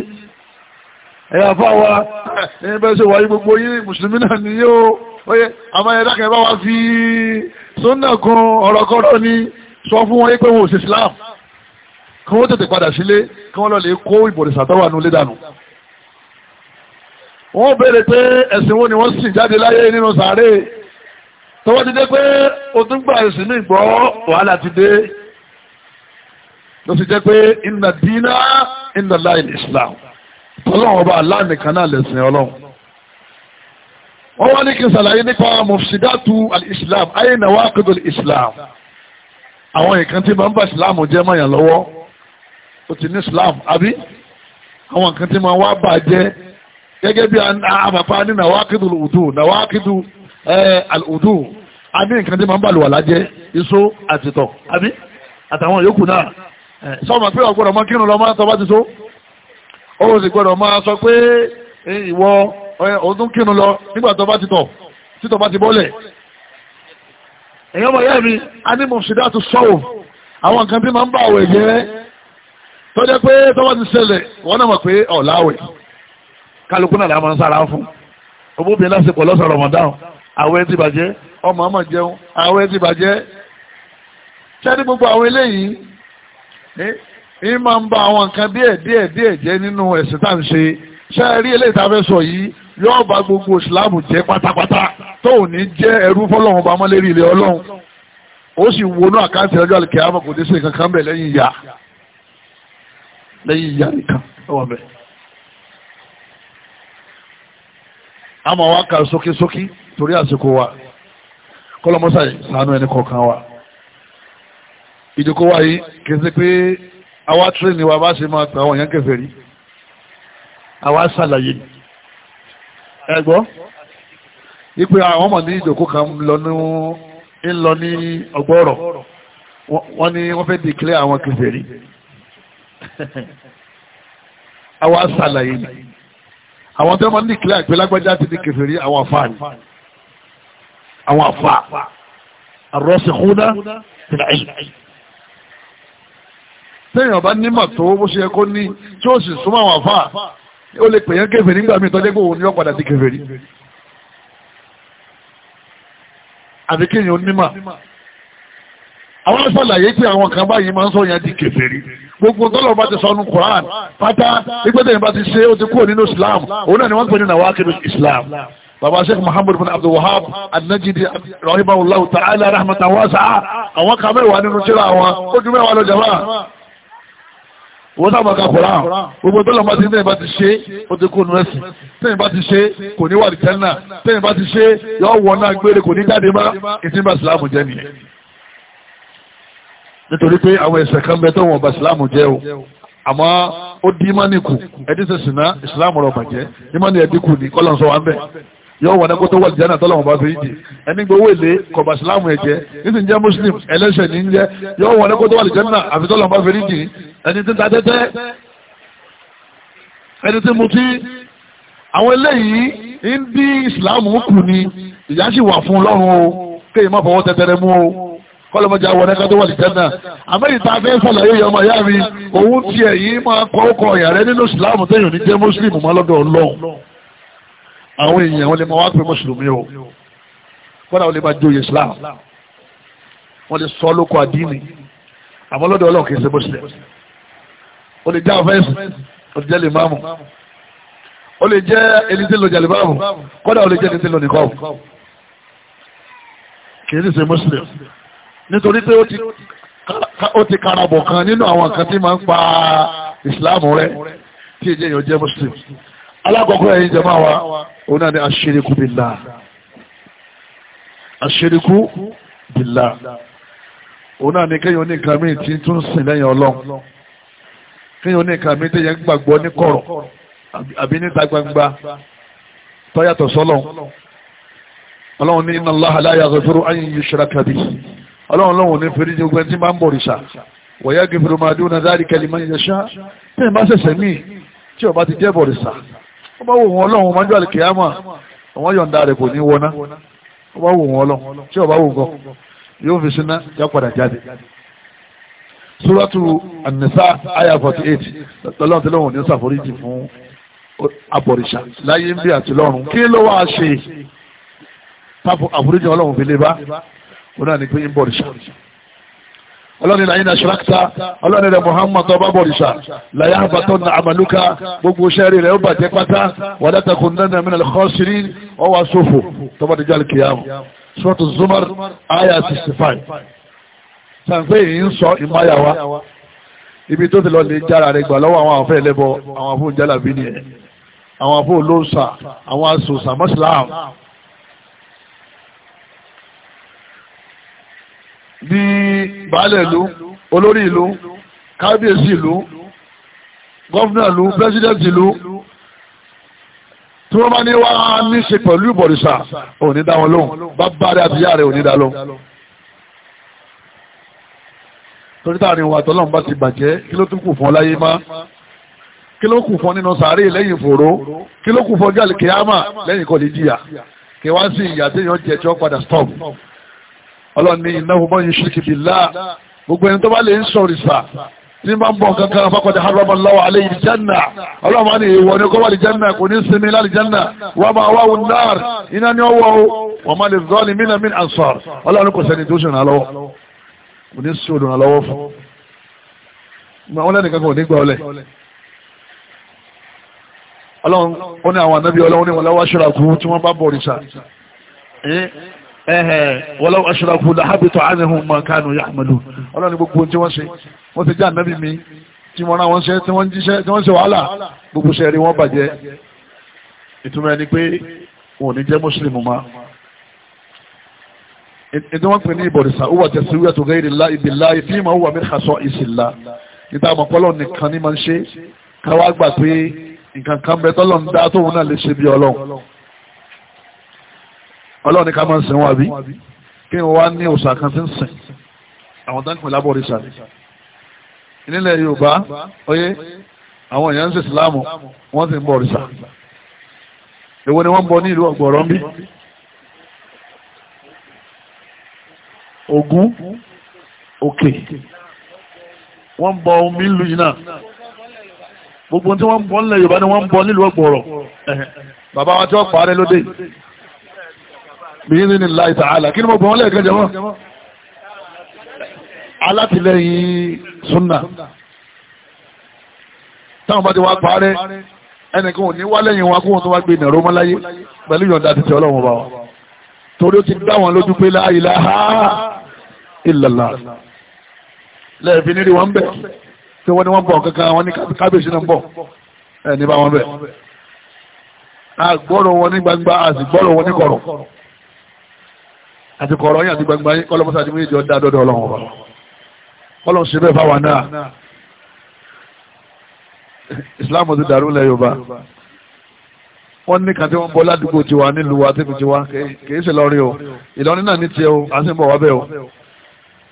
ẹ̀yà fà wa ẹ̀yin bẹ́ẹ̀ ṣe wáyé gbogbo yín mùsùlùmí náà ni yóò àmọ́ ẹ̀dá kẹ́ bá wa fi súnà kù ọ̀rọ̀ kọ́rọ́ ni sọ fún wọn pé wọn ò sí Islam kí wọ́n tètè padà sílé kí wọ́n lọ lè kó ìbọ̀rìṣà tó wà nulẹ̀ dànù. wọ́n béèrè pé ẹ̀sìn wo ni wọ́n sìn jáde láyé nínú sàárè tọ́wọ́ ti dé pé o tún gba ẹ̀sìn ní ìgbọ́ wàhálà ti dé ló ti jẹ́ pé inna dina inna láì Islam tọ́lọ́wọ́n ọba aláàmìkan náà lẹ̀sìn ọlọ́run. wọ́n wá ní kí n ṣàlàyé nípa mufsidatu al-Islam ayé nàwákìdù al-Islam àwọn nǹkan tí máa ń bá islam jẹ́ máa yàn lọ́wọ́ ó ti ní islam àbí àwọn nǹkan tí máa wá bà jẹ́ gẹ́gẹ́ bí àbàpá ní nàwákìdù òdù nàwákìdù òdù a ní nǹkan tí máa ń bà lùwàlá jẹ́ iṣó àtìtọ̀ àbí àtàwọn yòókù náà sọ́ọ̀mà pé ọ̀gbọ́dọ̀ máa kírun lọ máa tọ́ bá ti so ó sì gbọ́dọ̀ máa sọ pé ìwọ ọdún kírun lọ nígbà tó bá ti tọ̀ ẹ̀yọ́ ọmọ ìyá mi a ní mọ̀sídá tó sọ́wọ́ àwọn nǹkan tí máa ń bá àwẹ̀ jẹ́ tó jẹ́ pé tọ́wọ́ ti ṣẹlẹ̀ wọ́n náà mọ̀ pé ọ̀làwẹ̀ kálukú náà làwọn sára fún obóbìnrin láti pọ̀ lọ́sàn Ramadan àwẹ̀ ti bàjẹ́ ọmọ ọmọ jẹun àwẹ̀ ti bàjẹ́ sẹ́ni gbogbo àwọn eléyìí ní máa ń bá àwọn nǹkan díẹ̀ díẹ̀ díẹ̀ jẹ́ nínú ẹ̀sìn tá à ń ṣe sẹ́ẹ̀rí eléyìí tá a fẹ́ sọ yìí yóò bá gbogbo ìsìláàmù jẹ́ pátápátá tó ò ní jẹ́ ẹrú fọ́lọ́run bá mọ́ lérí ilé ọlọ́run ó sì wọnú àkáǹtì ọjọ́ àlùkè àmọ́ kò ní sí nǹkan kan bẹ̀ lẹ́yìn ìyá lẹ́yìn ìyá nìkan ọwọ́ bẹ̀. àmọ́ wa kà sókísókí torí àsìkò wa kọ́lọ́mọ́sà sànú ẹni kọ̀ọ̀kan wa ìdíkó wa yìí kì í ṣe pé àwa tírẹ̀nì wa bá ṣe máa tàwọn èèyàn kèfèrí àwa ṣàlàyé ni ẹgbọ́ wípé àwọn ọmọ ní ìjòkó kan ń lọ ní ọgbọ́rọ̀ wọ́n ní wọ́n fẹ́ dìklẹ́ àwọn kìfèrí (laughs) àwọn asàlàyé ni àwọn tó mọ́ ní dìklẹ́ àgbélágbájá ti di kìfèrí àwọn àfáà ni àwọn àfáà àrọ́sìkúdá tìláì tẹ́yìn ọba nímọ̀ tó bó ṣe yẹ kó ní tí ó sì súnmọ́ àwọn àfáà ó lè pèyàn kèfèrí nígbà míì tọ́jẹ́ pé òun ni ó padà sí kèfèrí àti kéèyàn onímọ̀ àwọn ṣàlàyé pé àwọn kan báyìí máa ń sọ yẹn di kèfèrí gbogbo tọ́lọ̀ bá ti sọnù Quran pátá ìgbésẹ̀ yẹn bá ti ṣe ó ti kúrò nínú Islam òun náà ni wọ́n ń pè ní nàwákìlú Islam bàbá sheikh muhammad bin abdul wahab an-najdi rahimahullahu ta'ala rahmatan wasi'a àwọn kan mẹ́wàá nínú tírà wọn ó ju mẹ́wàá lọ jàmáà wọ́n náà máa ka koran gbogbo tó lọ́mọ tí tẹ́yìn bá ti ṣe ó ti kó nu ẹ̀sìn tẹ́yìn bá ti ṣe kò ní wà ní tẹ́nà tẹ́yìn bá ti ṣe yọ wọ̀ náà gbére kò ní jáde má ètí bá sìláàmù jẹ́ nìyẹn. nítorí pé àwọn ẹ̀ṣẹ̀ kan bẹ tó wọn bá sìláàmù jẹ́ o àmọ́ ó dín mánìkù ẹ̀dínsẹ̀sìn náà ìsìláàmù rọ̀ bàjẹ́ dín mánìkù yóò wà nẹ́kótó wà lìjánà tọ́lọ̀ wọn bá fi jì ẹni gbowó èlé kọba sílámù ẹ̀jẹ̀ nítorí ń jẹ́ muslim ẹlẹ́ṣẹ̀ ní ń jẹ́ yóò wà nẹ́kótó wà lìjánà àfi tọ́lọ̀ wọn bá fi jì ẹni tí ń ta tẹ́tẹ́ ẹni tí mutí àwọn eléyìí ń bí ìsìlámù kù ni ìyá sì wà fún lọ́rùn o kéèyàn má fọwọ́ tẹ́tẹ́rẹ́ mú o kọlọmọjà wọn ẹka tó wà ní jẹnà àmẹyìn àwọn èèyàn wọn lè máa wá pé mùsùlùmí o kódà wọn lè máa joyè islam wọn lè sọ lóko àdínì àmọ́ lọ́dọ̀ ọlọ́ọ̀ kìí ṣe mùsùlùm o lè jẹ́ àfẹ́sì o lè jẹ́ lè máàmù o lè jẹ́ ẹni tí ń lọ jàlè máàmù kódà o lè jẹ́ ẹni tí ń lọ nìkan kìí ṣe mùsùlùm nítorí pé ó ti karabọ̀ kan nínú àwọn nǹkan tí máa ń pa islam rẹ tí èjì èèyàn jẹ́ mùsùlùm alákọ̀ọ́kọ́ ẹ̀yin jẹ́ máa wa òun náà ni aṣeríkú bìlá aṣeríkú bìlá òun náà ni kéèyàn ní nǹkan míì tí ń tún sìn lẹ́yìn ọlọ́run kéèyàn ní nǹkan míì téèyàn gbàgbọ́ ní kọ̀rọ̀ àbí níta gbangba tọ́yàtọ̀ sọ́lọ́run ọlọ́run ní inna Allaha la yaghfiru an yushraka bihi ọlọ́run lọ́wọ́n ní fèrè jẹ́ gbẹ́ntí máa ń bọ̀ rìṣà wọ̀yá gẹ̀fẹ̀rẹ̀ máa dúnà dárí kẹlìmọ́ ìyẹ̀ṣá tí ìbá sẹ̀sẹ̀ míì tí ọba ti jẹ́ bọ̀ rìṣà ó bá wò wọn ọlọ́run mọ́jọ́ àlìkìyàmà àwọn yọ̀ǹda rẹ̀ kò ní wọná ó bá wò wọn ọlọ́run tí ó bá wò gan yóò fi síná yá padà jáde. suratu anisa aya forty eight lọ́lọ́run tí lóun ò ní ṣàforíjì fún abọ̀rìṣà láyé ń bí àti lọ́run kí ló wàá ṣe àforíjì ọlọ́run fi lè bá ó náà ní pé ń bọ̀rìṣà ọlọ́ni láyé náà ṣíráàkítà ọlọ́ni rẹ̀ muhammad ọba bọ̀rìṣà láyé àbátọ́ na àmàlúkà gbogbo ṣẹ́rí rẹ̀ ó bàjẹ́ pátá wà látàkùn náà mìíràn lọ́sírí ọwà sófò tọ́bọ̀dìjà 65 sàǹfẹ́ yìí ń sọ ìmáyàwá ibi tó ti lọ lè jára rẹ̀ gbà lọ́wọ́ àwọn àfẹ́ ẹlẹ́bọ àwọn àfọ́ bí baálẹ̀ ìlú olórí ìlú kábíyèsí ìlú gọ́fúnà ìlú pírẹ́sídẹ̀ntì ìlú tí wọ́n bá ní wá ní ṣe pẹ̀lú ìbọ̀rìṣà òní dá wọn lóhùn bàbá rẹ̀ àti ìyá rẹ̀ òní dá lóhùn. torí táàrin wa tọ́lọ́run bá ti bàjẹ́ kí ló tún kù fún ọ láyé má kí ló kù fún nínú sàárè lẹ́yìn fòró kí ló kù fún ọjọ́ àlùkìyámà lẹ́yìn kọ́lé jìyà kí wá sí ìyà téèyàn tí wọ́n padà stop ọlọ́run ní innahu man yushrik billah gbogbo ẹni tó bá lè ń sọ òrìṣà tí bá ń bọ̀ kankan faqad harrama Allahu alayhi al-janna ọlọ́run máa ní ìwọ ni kó wà lè janna kò ní sinmi láti janna ó ní àwọn ànábì ọlọ́run ní wọn lọ́wọ́ kú tí wọ́n bá bọ̀ òrìṣà ẹ̀hẹ̀ wọ́lọ́wọ́ aṣọ́rakú láhábìtọ̀ ánihun makanu yahmalu ọlọ́ni gbogbo tí wọ́n ṣe wọ́n ti já nẹ́bí mi tí wọ́n rán wọ́n ṣe tí wọ́n jíṣẹ́ tí wọ́n ṣe wàhálà gbogbo ṣe rí wọ́n bàjẹ́ ìtumọ̀ ẹni pé wọn ò ní jẹ́ mùsùlùmí ma ìdí wọ́n pè ní ìbọ̀rìṣà ó wà tẹ̀sí wíwẹ̀ tó gẹ́ ìrìlá ìbìlá ìfíìmọ̀ ó wà mí kà ọlọ́run ní ká máa ń sìn wọn àbí kí wọ́n wá ní òòsà kan tí ń sìn àwọn tó ń pè lábọ̀ òrìṣà nílẹ̀ yorùbá oyé àwọn èèyàn ń ṣe ìsìláàmù wọ́n sì ń bọ òrìṣà èwo ni wọ́n ń bọ ní ìlú ọ̀gbọ̀rọ̀ ń bí ògún òkè wọ́n ń bọ omi ìlú yìí náà gbogbo tí wọ́n ń bọ nílẹ̀ yorùbá ni wọ́n ń bọ nílùú ọ̀gbọ̀rọ̀ bàbá wọn tí wọ́n pààrẹ lóde bíyínní ní láì tààlà kí ni mo bọ̀ wọ́n lẹ́ẹ̀kan jẹmọ́ alátìlẹ́yìn súnà táwọn bá ti wá parẹ́ ẹnìkan ò ní wá lẹ́yìn wọn kóhun tó wá gbé ìnàró mọ́láyé pẹ̀lú yọ̀ǹda àti tẹ̀ bá wọn torí ó ti dá wọn lójú pé la àti kọ̀ọ̀rọ̀ yín àti gbangba yín kọ́lọ́ mọ́sá àti mú ìjọ dá dọ́dọ̀ ọlọ́run ọba kọ́lọ́n ṣe bẹ́ẹ̀ fáwọn náà islam ti dàrú lẹ yorùbá wọ́n ní kan tí wọ́n bọ́ ládùúgbò tiwa nílùú wa tẹ́kù tiwa kìí ṣe lọ́rí o ìlọrin náà ní tiẹ̀ o à ń sì ń bọ̀ wá bẹ́ẹ̀ o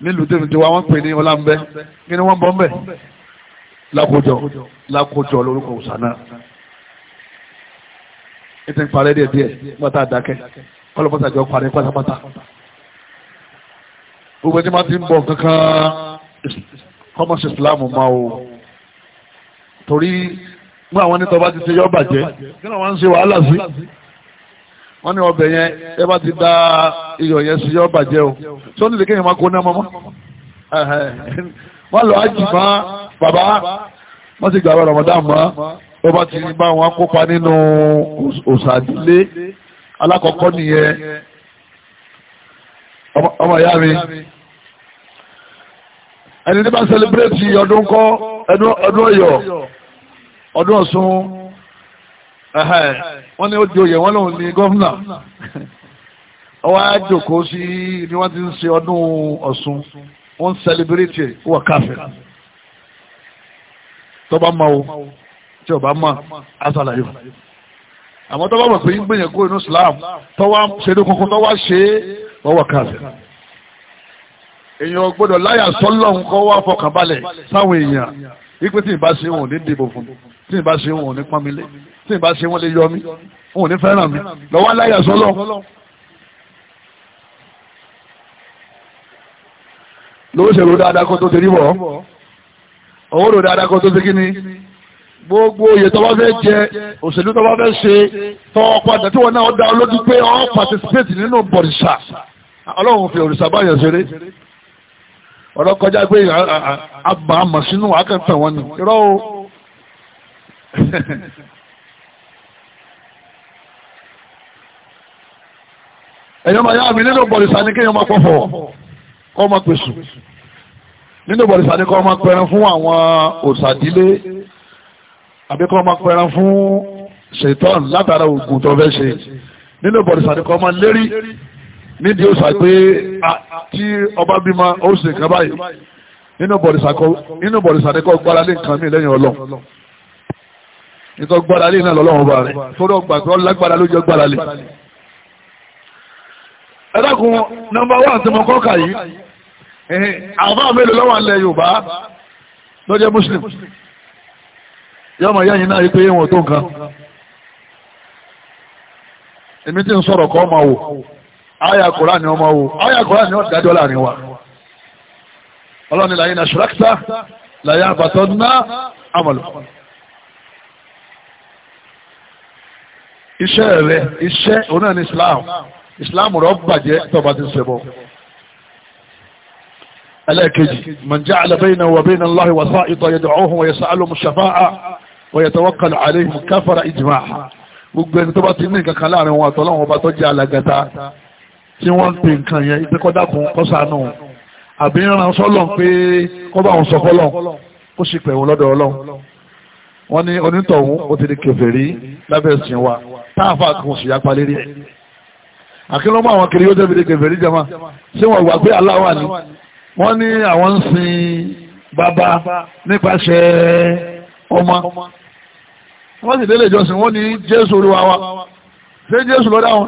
nílùú tẹ́kù tiwa wọ́n pè ní ọlámbẹ́ kí ni wọ́n bọ́ ń bẹ̀ lákòjọ lákòjọ lórúkọ òsànà ètò ìparẹ́ díẹ̀ díẹ̀ pátá dákẹ́ kọ́lọ́ jọ parẹ́ pátápátá gbogbo ẹni máa ti ń bọ̀ kankan kọ́mọ̀sí ìsìláàmù máa o torí mú àwọn onítọ̀ bá ti ṣe yọ́ bàjẹ́ kí ni wọ́n ń ṣe wàhálà sí wọ́n ní ọbẹ̀ yẹn ẹ bá ti da iyọ̀ yẹn sí yọ́ bàjẹ́ o tó nílé kéèyàn máa kó ní ọmọ mọ́ wọ́n lọ ájì mọ́ bàbá wọ́n ti gbàgbọ́ rọ̀mọ́dá mọ́ ó bá ti bá wọn kópa nínú òṣàdílé alákọ̀ọ́kọ́ nìyẹn ọmọ ìyá mi ẹni tí bá sẹlẹbírẹ́tì ọdún kọ́ ọdún ọ̀yọ́ ọdún ọ̀ṣun wọ́n ní ó di oyè wọ́n lòun ní gọ́fúnà ọwọ́ àjòkó sí ni wọ́n ti ń ṣe ọdún ọ̀ṣun wọ́n ń sẹlẹbírẹ́tì wọ káfẹ́ tọ́ba máa wo tí ọba máa aṣàlàyé àmọ́ tọ́ba mọ̀ pé ń gbìyànjú inú Islam tọ́wá ṣe é dúkùnkùn tọ́wá ṣe é wọ́n wà káàsì. èèyàn gbọ́dọ̀ láyà sọ́lọ́hún kọ́ wá fọkànbalẹ̀ sáwọn èèyàn ipe tí ìbá ṣe wọn ò ní dìbò fún mi tí ìbá ṣe wọn ò ní pọ́n mi lé tí ìbá ṣe wọn lè yọ mí wọn ò ní fẹ́ràn mi lọ́wọ́ láyà sọ́lọ́hún. lówó ṣe ro dáadáa kó tó ti rí wọ̀ owó ro dáadáa kó tó ti kí ni gbogbo oyè tó bá fẹ́ jẹ òṣèlú tó bá fẹ́ ṣe tọ́ padà tí wọn náà dá olójú pé ọ́ participate nínú bọ̀rìṣà ọlọ́run fi òrìṣà báyọ̀ ṣeré ọ̀rọ̀ kọjá pé àbá àmọ̀ sínú akẹ́kọ̀ọ́ wọn ni irọ́ o (laughs) ẹ̀yọ́ máa yá mi nínú bọ̀rìṣà ní kéèyàn máa pọ̀fọ̀ kọ́ máa pèsù nínú bọ̀rìṣà ní kọ́ máa pẹran fún àwọn òṣàdílé àbí kọ́ máa pẹran fún ṣètọ́n látara ògùn tó fẹ́ ṣe nínú bọ̀rìṣà ní kọ́ máa lérí nídìí ó sàpé tí ọba bímọ ó sì nǹkan báyìí nínú bọ̀dìsà ní kọ́ gbára lé nǹkan mí lẹ́yìn ọlọ́run nítorí gbára lé náà lọ́lọ́run bá rẹ̀ torí ọgbà tó lágbára ló jẹ́ gbára lé. ẹ dákun nọ́mbà wà tí mo kọ́ kà yìí àbá mélòó lọ́wọ́ ilẹ̀ Yorùbá ló jẹ́ muslim yọmọ ìyá yìí náà yí pé wọn tó nǹkan èmi tí ń sọ̀rọ̀ kọ́ máa àyà kòrán ni ọmọ wo àyà kòrán ni ọ̀dájọ́ láàrin wa ọlọ́run ni làyín aṣọ́rákítà làyà àbàtọ́ ná àmọ̀lù iṣẹ́ rẹ̀ iṣẹ́ òun náà ni Islam Islam rọ̀ bàjẹ́ tó bá ti ń ṣẹbọ ẹlẹ́ẹ̀kejì man ja'ala baynahu wa bayna Allahi wasa'ita yad'uhum wa yas'aluhum shafa'a wa yatawakkalu 'alayhim kafara ijma'a gbogbo ẹni tó ti ní nǹkan láàrin wọn àtọ́lọ́wọ́n ọba tó jẹ́ alágata tí wọ́n ń pè nǹkan yẹn pé kọ́dákun kọ́sánù àbí ran sọ́lọ̀ pé kọ́bà òun sọ fọ́lọ̀ kó sì pẹ̀wọ̀n lọ́dọ̀ ọlọ́run wọ́n ní onítọ̀hún ó ti di kèfèrí lábẹ́ ẹ̀sìn wa táàfà kan sì yapa lérí ẹ̀ àkínlọ́mọ àwọn kiri yóò débi di kèfèrí jama ṣé wọ́n wà pé aláwa ni wọ́n ní àwọn ń sin bàbá nípasẹ̀ ọmọ wọ́n sì délé ìjọsìn wọ́n ní Jésù olúwa wa ṣé Jésù lọ́dọ̀ àwọn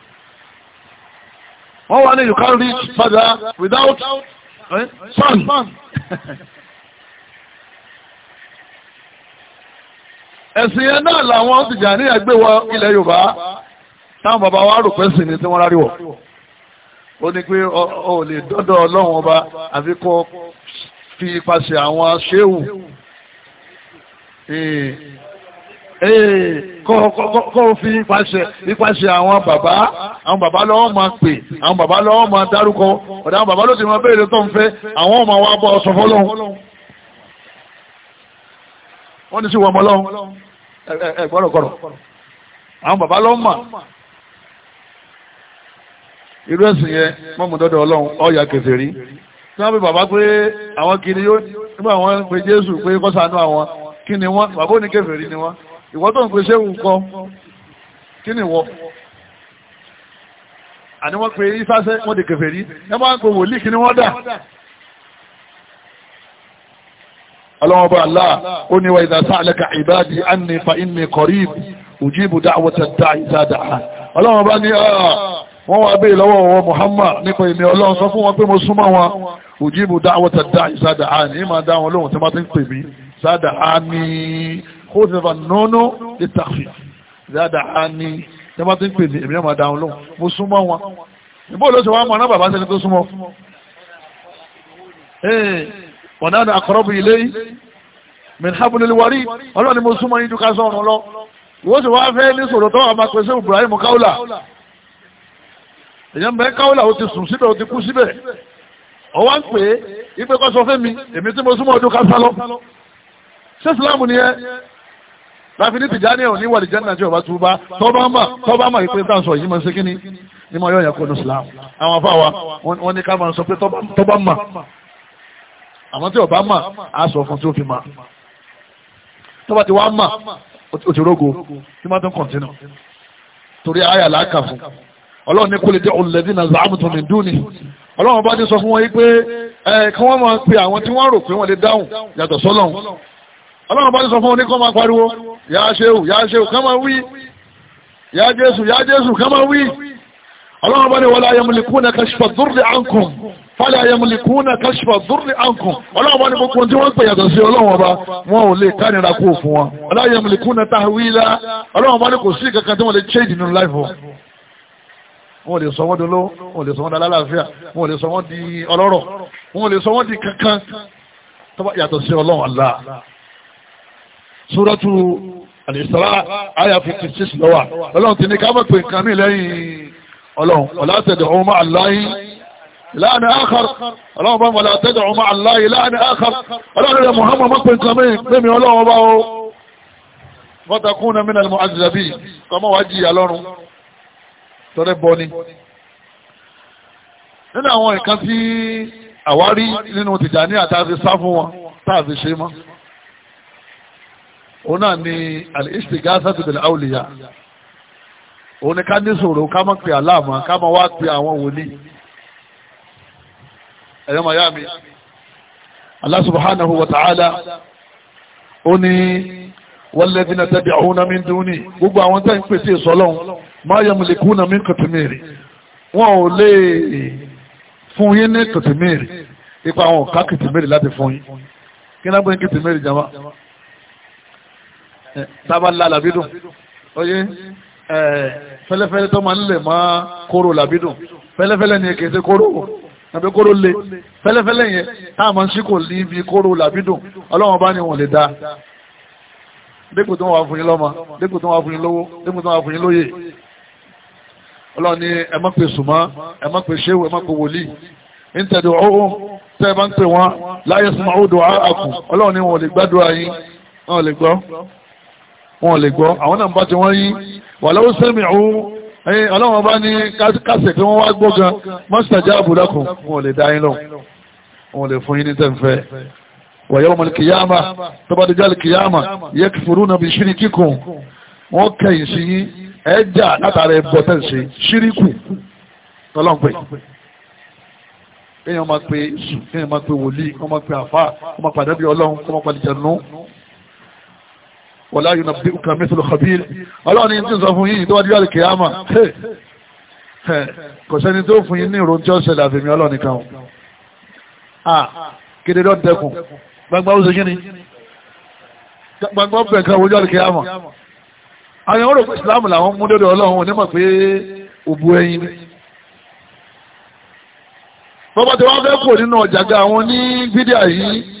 wọ́n wá ní you can reach father without eh? (laughs) son. ẹ̀sìn yẹn náà làwọn ti jà ní ẹgbẹ́ wọ ilẹ̀ Yorùbá táwọn bàbá wa rò pé sìn ní tí wọ́n rárí wọ̀ ó ní pé ọ lè dọ́dọ̀ ọlọ́run ọba àfi kọ́ fi ipasẹ̀ àwọn ṣéwù kó fi ipasẹ̀ àwọn bàbá àwọn bàbá lọ́wọ́ máa pè àwọn bàbá lọ́wọ́ máa dárúkọ ọ̀dà àwọn bàbá ló ti ma béèrè tó ń fẹ́ àwọn ọmọ wa bọ́ ọsọ fọ́lọ́hún wọ́n ti sí wọ́n mọ́lọ́hún ẹ̀gbọ́rọ̀gbọ́rọ̀ àwọn bàbá lọ́wọ́ máa irú ẹ̀sìn yẹn mọ́mùdọ́dọ̀ ọlọ́run ọ̀yà kèfèrí tí wọ́n bí bàbá pé àwọn kiri yóò nígbà wọn pé Jésù pé kọ́sánú àwọn kí ni wọ́n bàbá oníkèfèrí ni ìwọ tó ń pè ṣéwù kọ kí ni ìwọ àní wọ́n pe ifáṣẹ́ wọ́n di kèfèrí ẹ máa ń pe wòlíì kí ni wọ́n dà ọlọ́wọ́ bá aláà ó ní wa idha sa'alaka ibadi anni fa inni qarib ujibu da'wata da'i ah, sáàdà kó dìrọ̀bà nọ́nọ́ lè tàfí ìdáda á ní tí wọ́n ti ń pè ní èmi náà máa dáhùn lóhùn mo súnmọ́ wọn ìbò ló ṣe wá mọ̀ náà bàbá sẹ́ni tó súnmọ́ wọ̀n náà àkọ́rọ́bù ilé min habulil wari ọlọ́run ni mo súnmọ́ yín ni ẹ láfi ní tìjáni ò ní wà lìjẹ́ náà tí ọba tó bá tọ́ba mà tọ́ba mà ìpín tá à ń sọ yìí máa ń ṣe kí ni ní máa yọ̀ọ̀yà kó ní Islam àwọn afáwa wọn ní ká máa sọ pé tọ́ba mà àmọ́ tí ọba mà á sọ fún tí ó fi mà tọ́ba ti wá mà ó ti rógo tí máa tún kọ̀ntínù torí àyà làákà fún ọlọ́run ní kó jẹ́ olùlẹ́dí náà zàmùtún mi dùn ni ọlọ́run bá ní sọ fún wọn yìí pé ẹ̀ kí wọ́n máa pe àwọn tí wọ́n rò pé wọ́n lè dáhùn yàtọ̀ sọ́lọ́hún ọlọ́run bá ti sọ fún oníkọ́ máa pariwo yá ṣeun yá ṣeun ká máa wí yá jésù yá jésù ká máa wí ọlọ́run bá ní wọlé ayẹmùlẹ̀kúnà kashfa dhurri ankum fálẹ̀ ayẹmùlẹ̀kúnà kashfa dhurri ankum ọlọ́run bá ní gbogbo tí wọ́n pè yàtọ̀ sí ọlọ́run ọba wọn ò lè kánira kú fún wọn ọlọ́run ayẹmùlẹ̀kúnà tahwila ọlọ́run bá ní kò sí kankan tí wọ́n lè change nínú láìfọ́ wọn ò lè sọ wọ́n di olówó wọn ò lè sọ wọ́n di alálàáfíà wọn ò lè sọ wọ́n di ọlọ́rọ̀ wọn ò lè sọ wọ́n di kankan yàtọ̀ sí ọlọ́run Allah súrọ́tù àlèsàrá àyà 56 lọ́wà ọlọ́run ti ní ká mọ̀ pé nǹkan mí lẹ́yìn ọlọ́run ọ̀làtẹ̀dẹ̀ ọmọ aláyín láàrin ákàr ọlọ́run bá mọ̀ látẹ̀dẹ̀ ọmọ aláyín láàrin ákàr ọlọ́run rẹ̀ Muhammad mọ̀ pé nǹkan mí ọlọ́run bá o fọ́takún na mínà mọ́àzìlábí ọmọ wá jìyà lọ́run tọ́rẹ bọ́ ni òun náà ni al-istighasatu bil awliya òun ni ká ní sọ̀rọ̀ ká máa pe aláàmọ́ ká máa wá pe àwọn wòlíì ẹ̀yọ́ màá yá mi Allah subhanahu wa ta'ala ó ní walladhina tad'una min duni gbogbo àwọn tẹ́ ń pèsè sọ́lọ́hún ma yamlikuna min qitmir wọn ò lè fún yín ní qitmir ipa àwọn ká qitmir láti fún yín kí náà gbé qitmir jama tába la làbídùn oyé fẹ́lẹ́fẹ́lẹ́ tó máa ń lè máa kóró làbídùn fẹ́lẹ́fẹ́lẹ́ ni kèsè kóró tàbí kóró le fẹ́lẹ́fẹ́lẹ́ yẹn táàmà sí kò ní ibi kóró làbídùn ọlọ́wọ́n bá ní wọn lè da dépò tó wà fún yín lọ́mọ dépò tó wà fún yín lówó dépò tó wà fún yín lóyè ọlọ́run ní ẹ má pè sùmọ́ ẹ má pè ṣéwù ẹ má pè wòlíì ń tẹ̀dù ọ̀hún tẹ́ ẹ bá ń wọn lè gbọ́ àwọn náà bá ti wọ́n yí wà lọ́wọ́ sẹ́mi ọ̀hún ẹ̀yìn ọlọ́wọ́n bá ní kásẹ̀ pé wọ́n wá gbọ́ gan mọ́sítàjá àbúdákùn wọn lè dá yín lọ wọn lè fún yín ní tẹ́ǹfẹ́ wa yawmal kìyàmà tó bá dẹjọ́ kìyàmà yakfuruna bi shirikikum wọ́n kẹ̀yìn pe sùn kéèyàn máa pe wòlíì kọ́ máa pe àfáà kọ́ máa pàdé bí ọlọ́run kọ́ máa pàdé jẹ̀nú wọ́lá yóò nàbí òkà mẹ́sìlò khabir ọlọ́run ní tí ń sọ fún yìí tó wá díwájú kìyàmà kò sẹ́ni tó fún yìí ní ìròyìn tí ó ṣẹlẹ̀ àfẹ́mi ọlọ́run kan à kéde lọ dẹkùn gbangba ó ṣe kí ni gbangba ó bẹ̀ẹ̀kan wọ́n díwájú kìyàmà àwọn ọ̀rọ̀ islam làwọn mú dédé ọlọ́run ní mọ̀ pé òbu ẹyin ni bọ́bá tí wọ́n fẹ́ kò nínú ọ̀jàgà àwọn ní fídíà yìí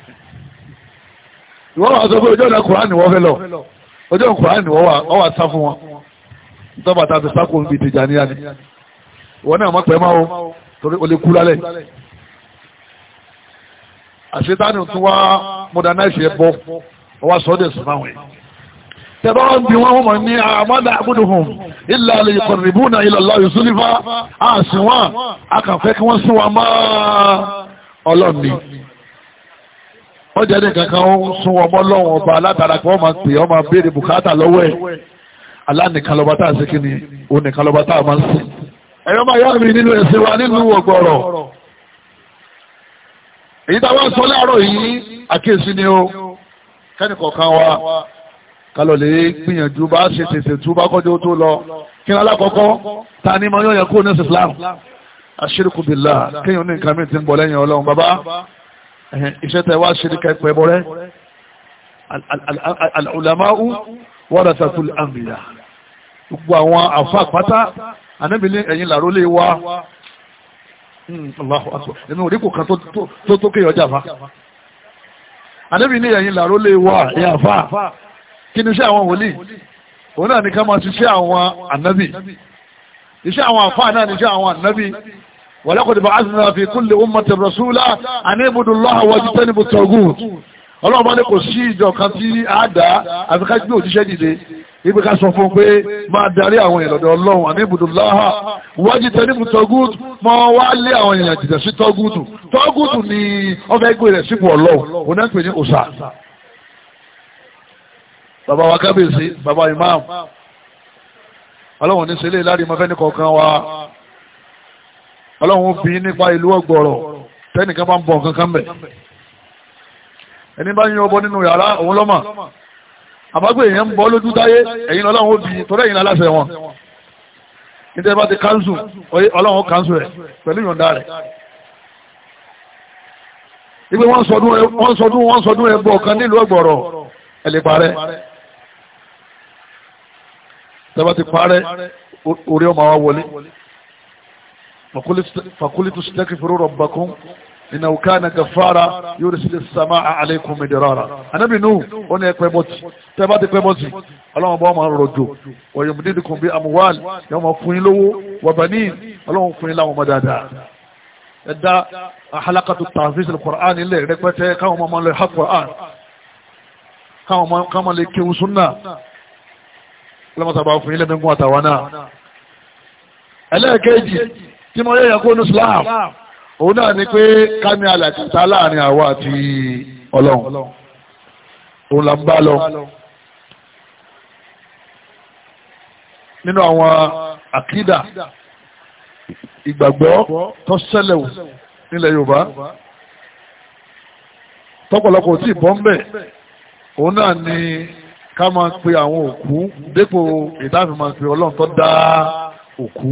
ìwọ́n wà sọ pé ojú ọ̀nà kùránì wọ́n fẹ́ lọ ojú ọ̀nà kùránì wọ́n wà sá fún wọn tọ́ba ta ti sáko ń bi ìtìjà níyà ni ìwọ́n náà mọ̀ pẹ́ máa o torí o lè kú lálẹ́ àṣetánì tún wá modernize ẹ̀ bọ́ ọwọ́ sọ́dẹ̀ sùn fáwọn yìí tẹ́bá wọn bí wọ́n mọ̀ ní àmọ́dá àgbódùhùn ilẹ̀ alẹ́ ìkọ̀rìbù náà ilẹ̀ lọ́yọ̀ sólífà àṣìwọ̀n akànfẹ́ kí wọ́n sún wa máa ọlọ́ọ̀ni wọ́n jẹ́ nìkan kan ó ń sún ọmọ lọ́wọ́ ọba alátara pé wọ́n máa pè ọmọ béèrè bùkátà lọ́wọ́ ẹ̀ alánìkan lọ́ba tá a ṣe kíni onìkan lọ́ba tá a máa ń sìn. ẹ̀yọ́ máa yá mi nínú ẹ̀sìn wa nínú ọ̀gbọ̀rọ̀ èyí tá a wá sọ láàárọ̀ yìí àkíyèsí ni ó kẹ́nì kọ̀ọ̀kan wa kálọ̀ lè gbìyànjú bá ṣe tètè tú bá kọjú tó lọ kí ni alákọ̀ọ́kọ́ ta ni mo yọ̀ yẹn kó ní Islam àṣírìkù billah kéèyàn ní nǹkan mi ti ń bọ̀ lẹ́yìn Ọlọ́run bàbá iṣẹ́ tẹ wá ṣe ní kẹpẹ́ bọ́ rẹ́ al'ulama'u warathatul anbiya gbogbo àwọn àfa pátá anábìlì ẹ̀yìn làrólé wa hmm, Allahu akbar èmi ò rí kò kan tó tó kéèyàn jàfa anábìlì ẹ̀yìn làrólé wa ẹ̀yìn àfa kí ni iṣẹ́ àwọn wòlíì òun náà ní ká máa ṣiṣẹ́ àwọn ànábì iṣẹ́ àwọn àfa náà ní ولقد بعثنا في كل أمة رسولا أن اعبدوا الله واجتنب الطاغوت ọlọ́run bá ní kò sí ìjọ kan tí a dá àfi ká gbé òjíṣẹ́ dìde ibi ká sọ fún pé máa darí àwọn èèyàn lọ́dọ̀ ọlọ́run àní ibùdóláhà wájú tẹnibu tọ́gùtù mọ́ wá lé àwọn èèyàn jìdẹ̀ sí tọ́gùtù tọ́gùtù ni ọba ẹgbẹ́ rẹ̀ sípò ọlọ́run ọlọ́run fi nípa ìlú ọgbọ̀rọ̀ tẹ́nìkan bá ń bọ̀ kankan bẹ̀ ẹni bá ń yan ọbọ nínú yàrá òun lọ́mà àbágbé èèyàn ń bọ́ lójú táyé ẹ̀yin ọlọ́run obì torí ẹ̀yin aláṣẹ wọn nítorí bá ti kánṣu ọlọ́run kánṣu rẹ̀ pẹ̀lú ìyọ̀ǹda rẹ̀ ibi wọ́n sọdún wọ́n sọdún ẹ bọ̀ kan nílùú ọgbọ̀rọ̀ ẹ̀ lè parẹ́ tẹ́bá ti parẹ́ orí ọmọ wa wọlé فقلت استغفروا ربكم إنه كان غفارا يرسل السماء عليكم مدرارا Ànábì Nuhu ó ní ẹ pẹ bọ́tì tẹ́ bá ti pẹ bọ́tì Ọlọ́run bá máa rọ̀jò ويمددكم بأموال yóò máa fún yín lówó وبنين Ọlọ́run fún yín láwọn ọmọ dáadáa ẹ̀dá halaqatu tahfiz al-Qur'an ilẹ̀ rẹpẹtẹ káwọn ọmọ máa lọ ha Qur'an káwọn ọmọ máa lè kéwù súnà ọlọ́mọ sábà fún yín lẹ́mẹ̀gún àtàwọn náà ẹlẹ́ẹ̀kejì tí mo yẹ yẹ kó ní Islam òun náà ni pé ká ní alàkàtà láàrin àwa àti Ọlọ́run òun là ń bá lọ. nínú àwọn àkídà ìgbàgbọ́ tó ṣẹlẹ̀ wò nílẹ̀ Yorùbá tọ́pọ̀lọpọ̀ tí ìbọn bẹ̀ òun náà ni ká máa pe àwọn òkú dépò ìdáàbò máa pe Ọlọ́run tó dá òkú.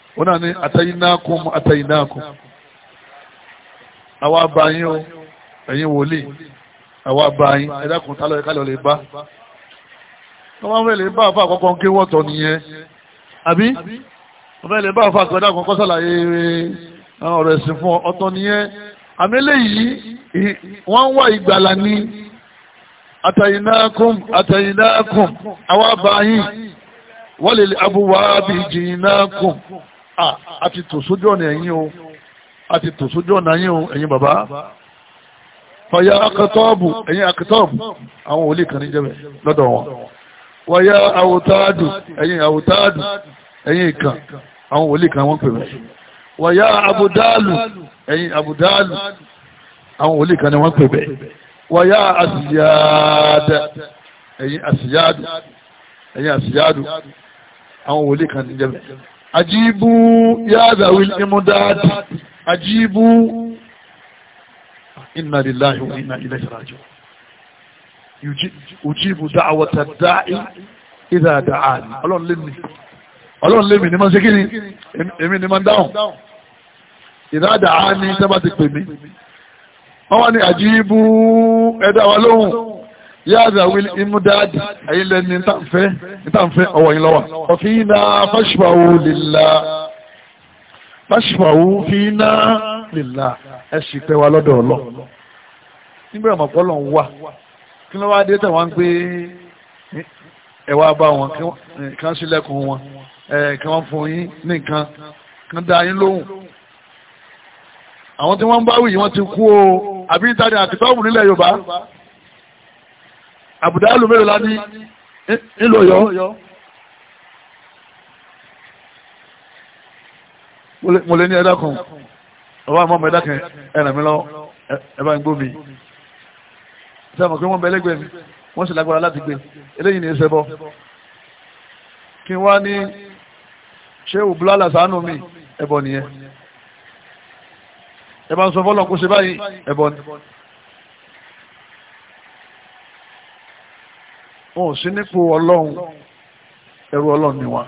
ó náà ní àtẹ̀yìnákùn àtẹ̀yìnákùn àwa bá yín o ẹ̀yin wòlíì àwa bá yín ẹ̀dákùn tálọ̀ ìkálọ̀ lè bá wọ́n máa ń fẹ́ lè bá àfa àkọ́kọ́ ń ké wọ́tọ̀ nìyẹn àbí wọ́n fẹ́ lè bá àfa àkọ́kọ́ dákùn kọ́ sàlàyé ọ̀rọ̀ ẹ̀sìn fún ọ̀tọ̀ nìyẹn àmì eléyìí wọ́n ń wá ìgbàlà ní àtàyínákùn àtàyínákùn àwa bá yín wọ́n lè abúwá bìí jìnnákùn a ti tò sójú ọ̀nà ẹ̀yin o a ti tò sójú ọ̀nà ẹ̀yin o ẹ̀yin bàbá fàyà akẹtọ́ọ̀bù ẹ̀yin akẹtọ́ọ̀bù àwọn wòlíì kan ní jẹ́bẹ̀ lọ́dọ̀ wọn wàyà àwòtáàdù ẹ̀yin àwòtáàdù ẹ̀yin ìkàn àwọn wòlíì kan wọ́n pè wọ́n wàyà àbùdáàlù ẹ̀yin àbùdáàlù àwọn wòlíì kan ni wọ́n pè bẹ́ẹ̀ wàyà àsìyáàdà ẹ̀yin àsìyáàdù ẹ̀yin àsìyáàdù àwọn wòlíì kan ní jẹ́bẹ̀ àjíbú yáàdàwí ìmúdáàdì àjíbú inna lillahi wa inna ilayhi raji'un ujibu da'wata da'i idha da'ani ọlọ́run lémi ọlọ́run lémi ní ma ṣe kíni èmi ní ma dáhùn idha da'ani tẹ́bà ti pè mí wọ́n wá ní àjíbú ẹ̀dá wa lóhùn yáàdà wíl imúdáàdì ẹ̀yìn lẹ́ni ìtànfẹ́ ọwọ́ yìí lọ́wọ́ ọ̀fíìnà fáṣífàwò lèlá fáṣífàwò fíìnà lèlá ẹ̀ṣì pẹ́ wa lọ́dọ̀ ọ̀lọ́ nígbà ọmọpọ́lọ̀ ń wà kí ló wá dé tẹ̀wọ́n pé ẹ̀wà bá wọn kí wọ́n sílẹ̀kùn wọn kí wọ́n fún yín ní nǹkan kí wọ́n dá yín lóhùn àwọn tí wọ́n ń bá wì wọ́n ti kú o àbí ìtàdé àtìkọ́ àbùdálù mélòó la ní nílò yọ. mo lè ní ẹ̀dá kan ọba àmọ́ ọmọ ẹ̀dá kan ẹ̀ràn mi lọ ẹ̀bá ń gbó mi ṣé àmọ̀ pé wọ́n bẹ lẹ́gbẹ̀ẹ́ mi wọ́n sì lágbára láti gbé eléyìí ní ẹsẹ̀ kí wá ní ṣéwù búlálà sàánù mi ẹ̀bọ̀ nìyẹn ẹ sọ fọ́lọ́ kó ṣe báyìí ẹ̀bọ̀ ni. wọn ò sí nípò ọlọ́run ẹrú ọlọ́run ni wọn.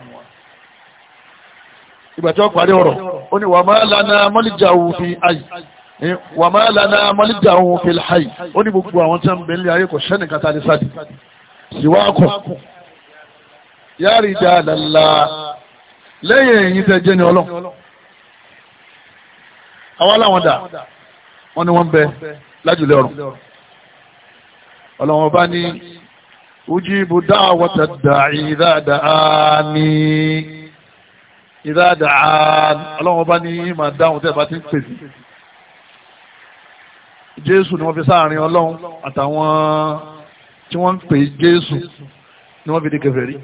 ìgbà tí wọ́n parí ọ̀rọ̀ ó ní wàá máa lana mọ́lìjà òun fi àyè wà máa lana mọ́lìjà òun fi àyè ó ní gbogbo àwọn tí wọ́n ń bẹ nílé ayé kò sẹ́nì kata ní sáàdì síwá kọ̀ yáàrí dáadáa lẹ́yìn èyí tẹ́ jẹ́ ni ọlọ́run àwọn aláwọn dà wọ́n ní wọ́n bẹ lájùlẹ̀ ọ̀run ọlọ́run ọba ní ujibu da'wata da'i idha da'ani idha da'ani ọlọ́run bá ní ìmọ̀ dáhùn tẹ́ bá ti ń pèsè jésù ni wọ́n fi sáàrin ọlọ́run àtàwọn tí wọ́n ń pè jésù ni wọ́n fi di kèfèrí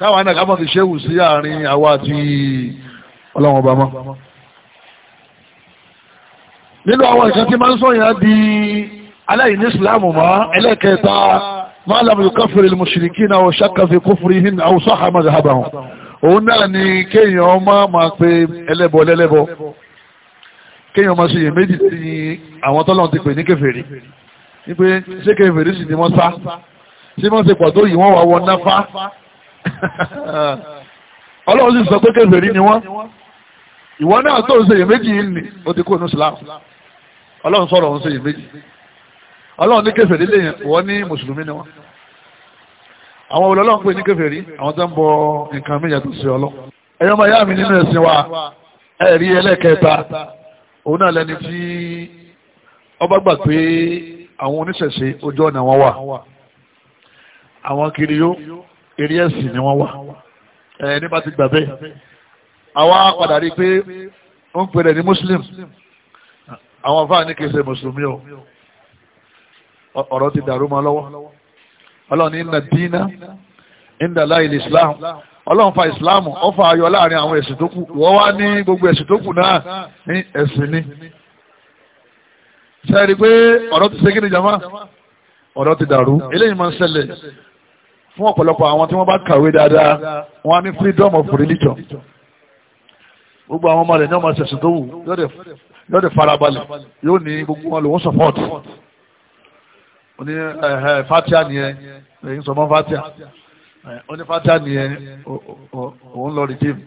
káwọn náà kábọ̀ fi ṣéwù sí àárín àwa àti ọlọ́run ọba mọ́ nínú àwọn ìṣẹ́ tí máa ń sọ̀yàn di aláìní ìsìláàmù mọ́ ẹlẹ́kẹta máa lábù yukaffiru al-mushrikina wa shakka fi kufrihim aw sahha madhhabahum òun náà ni kéèyàn máa máa pe ẹlẹ́bọ lẹ́lẹ́bọ kéèyàn máa ṣe iyèméjì sí àwọn tọ́lọ́run ti pè ní kèfèrí ní pé ṣé kèfèrí sì ni wọ́n sá ṣé wọ́n ṣe pọ̀ tó yìí wọ́n wà wọ náfá (laughs) ọlọ́run sì sọ pé kèfèrí ni wọ́n ìwọ náà tó ń ṣe iyèméjì yìí ni ó ti kó inú sílámù ọlọ́run sọ̀rọ̀ ń ṣe iyèméjì ọlọ́run ní kèfèrí lè wọ́n ní mùsùlùmí ni wọ́n àwọn olọ́lọ́run pè ní kèfèrí àwọn tó ń bọ nǹkan méjì tó ṣe ọlọ́ ẹ̀yọ́ máa yá mi nínú ẹ̀sìn wa ẹ̀rí ẹlẹ́kẹta òun náà lẹni tí ọba gbà pé àwọn oníṣẹ̀ṣe ojú ọ̀nà wọn wà àwọn kiriyó eré ẹ̀sìn ni wọ́n wà ẹ̀ nípa ti gbà bẹ́ẹ̀ àwa padà rí i pé ó ń pèrè ní muslim àwọn afáàní kìí ṣe mùsùlùmí o ọ̀rọ̀ ti dàrú mọ́ lọ́wọ́ ọlọ́run ní inna dínà inda láì lè islam ọlọ́run fa islam ó fa ayọ̀ láàrin àwọn ẹ̀sìn tó kù wọ́n wá ní gbogbo ẹ̀sìn tó kù náà ní ẹ̀sìn ni sẹ́ẹ̀rí pé ọ̀rọ̀ ti ṣe kí ni jama ọ̀rọ̀ ti dàrú eléyìí máa ń ṣẹlẹ̀ fún ọ̀pọ̀lọpọ̀ àwọn tí wọ́n bá kàwé dáadáa wọ́n á ní freedom of religion gbogbo àwọn ọmọ rẹ̀ ní ọmọ ṣẹ̀ṣẹ̀ tó wù yóò dẹ̀ farabalẹ̀ yóò ní gbogbo wọn lòun support oní eh, eh, fatia nìyẹn èyí sọmọ fatia eh, oní fatia nìyẹn o lọ rìdíìmù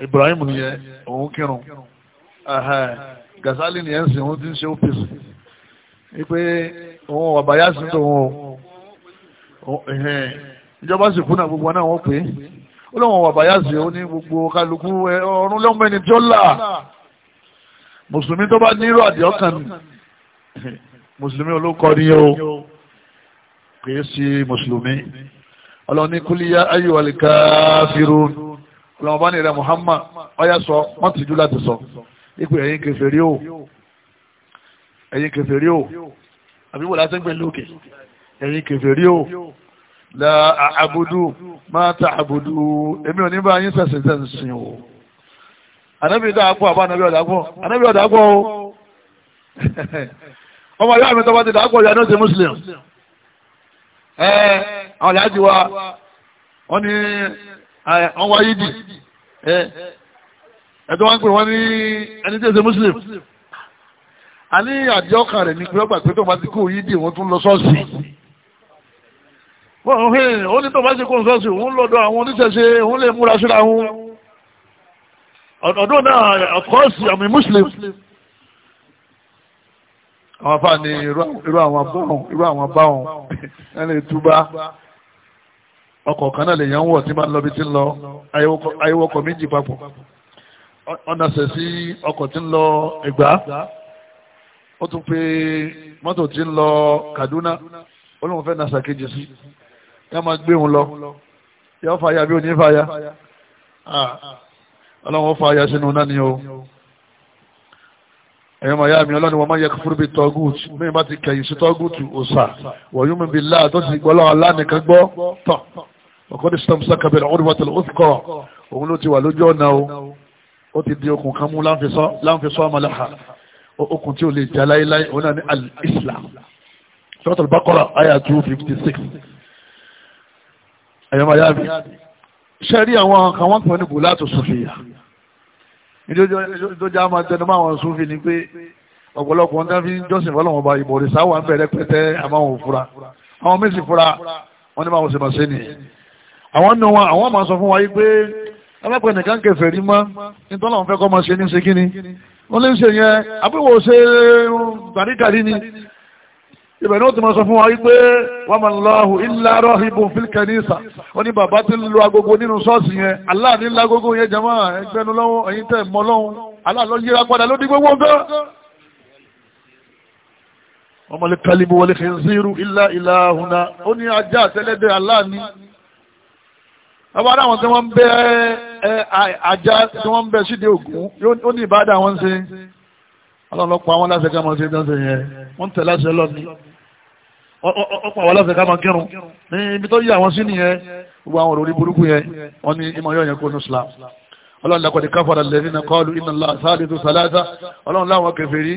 Ibrahim o òun kírun Gazali nìyẹn sì o ti ń o opis wípé o ọ̀bàyà sí tòun o ìjọba sì kú náà gbogbo náà wọ́n pè o ó lọ́wọ́n ọ̀bàyà sí o ní gbogbo kálukú ọ̀run lọ́mọ ẹni tí ó là mùsùlùmí tó bá ní irú àdìọ́kàn ni. mùsùlùmí olókọ ni o kìí sí mùsùlùmí ọlọ́run ní kúlíyà ayyuhal kafirun ọlọ́run bá ní rẹ̀ muhammad ọyá sọ wọ́n ti jú láti sọ ipò ẹ̀yin kèfèrí o ẹ̀yin kèfèrí o àbí wọ́n láti ń gbé lókè ẹ̀yin kèfèrí o la àbùdù máa ta àbùdù èmi ò ní bá yín sẹ̀sìn sẹ̀sìn o ànábì dáa pọ̀ àbá o (laughs) ọmọ ìyá mi tọ́ bá ti dàgbọ́ ìyá náà ṣe muslim ẹ àwọn ìyá ti wa wọ́n ní wọ́n wá yídì ẹ ẹ̀tọ́ wọn pè wọ́n ní ẹni tí ó ṣe muslim a ní àdíọ́kà rẹ̀ ní pẹ́ọ́gbà pé tó bá ti kú yídì wọ́n tún lọ sọ́ọ̀sì ó ní tó bá ti kú sọ́ọ̀sì òun lọ́dọ̀ àwọn oníṣẹ̀ṣe òun lè múra síra òun ọ̀dọ́ náà of course I'm a muslim. muslim àwọn afá ni irú àwọn báwọn irú àwọn báwọn ẹni túbá ọkọ̀ kan náà lè yàn wọ̀ tí máa ń lọ bí ti ń lọ ayéwọ́kọ̀ méjì papọ̀ ọ̀nà sẹ̀ sí ọkọ̀ tí ń lọ Ẹ̀gbá ó tún pé mọ́tò tí ń lọ Kaduna olóhùn fẹ́ nasa kejì sí yá máa gbé òun lọ yá fàyà bí ò ní fàyà ọlọ́run ó fàyà sínú náà ni o ẹ̀yọ́ màá yá mi ọlọ́ni wọn máa yẹ kúrú bíi tọ́gùt mí bá ti kẹ̀yìn sí tọ́gùt òsà wọ̀nyí mi bíi láà tó ti gbọ́ lọ́wọ́ alánìkan gbọ́ tán ọkọ ní sọm sọ kẹbẹrẹ ọdún wàtí ó kọ òun ló ti wà lójú ọ̀nà o ó ti di okùn kan mú láǹfẹ̀sọ́ ọmọláha okùn tí ó lè jà láéláé òun náà ní al-Islam bákọ́rọ̀ àyà 256 ẹ̀yọ́ màá yá mi ṣẹ́rí àwọn kan ìjọjá máa tẹnu máa wọn súnfì ni pé ọ̀pọ̀lọpọ̀ ń dábí jọ́sìn fọlọ́wọn ọba ìbọ̀rìṣà wà ń bẹ̀rẹ̀ pẹ́tẹ́ àmáwọn òfura àwọn méjì fura wọn ní máa wọ́n sì máa ṣe nìyẹn àwọn nù wọn àwọn máa sọ fún wa yí pé alápẹ̀ nìkan kẹfẹ́ rí mọ́ nítorí àwọn fẹ́ kọ́ máa ṣe ní ṣe kíni wọ́n lè ń ṣe yẹn àbúrò ṣe tàríkàrí ni ibẹ̀ ní ó ti máa sọ fún wa wípé wọ́n máa lọ́hùn ìlàrọ̀ ibùn fílkẹ̀nísà ó ní bàbá tí ń lo agogo nínú ṣọ́ọ̀ṣì yẹn Allah ní lágogo yẹn jama ẹgbẹ́nu lọ́wọ́ ẹ̀yin tẹ̀ mọ́ lọ́hùn Allah ló yíra padà ló di gbogbo nǹkan. ọmọ lè kálí bu wọlé khinziru illa ilahuna ó ní ajá àtẹlẹ́dẹ̀ Allah ní. ọba tí wọ́n ń bẹ ajá tí wọ́n ń bẹ síde ògún ó ní ìbádà wọn ṣe ọlọ́run lọ pa wọn láṣẹ ká máa ṣe dáńṣe yẹn wọ́n tẹ̀ láṣẹ lọ́ni ọ̀pọ̀ àwọn aláṣẹ ká máa kírun ní ibi tó yí àwọn sí nìyẹn gbogbo àwọn òròrí burúkú yẹn wọ́n ní ìmọ̀ yóò yẹn kó ní islam ọlọ́run lakọ̀dé káfàrà lẹ́rìnà kọlu iná sáàlẹ̀tò sàlátà ọlọ́run láwọn kèfèrí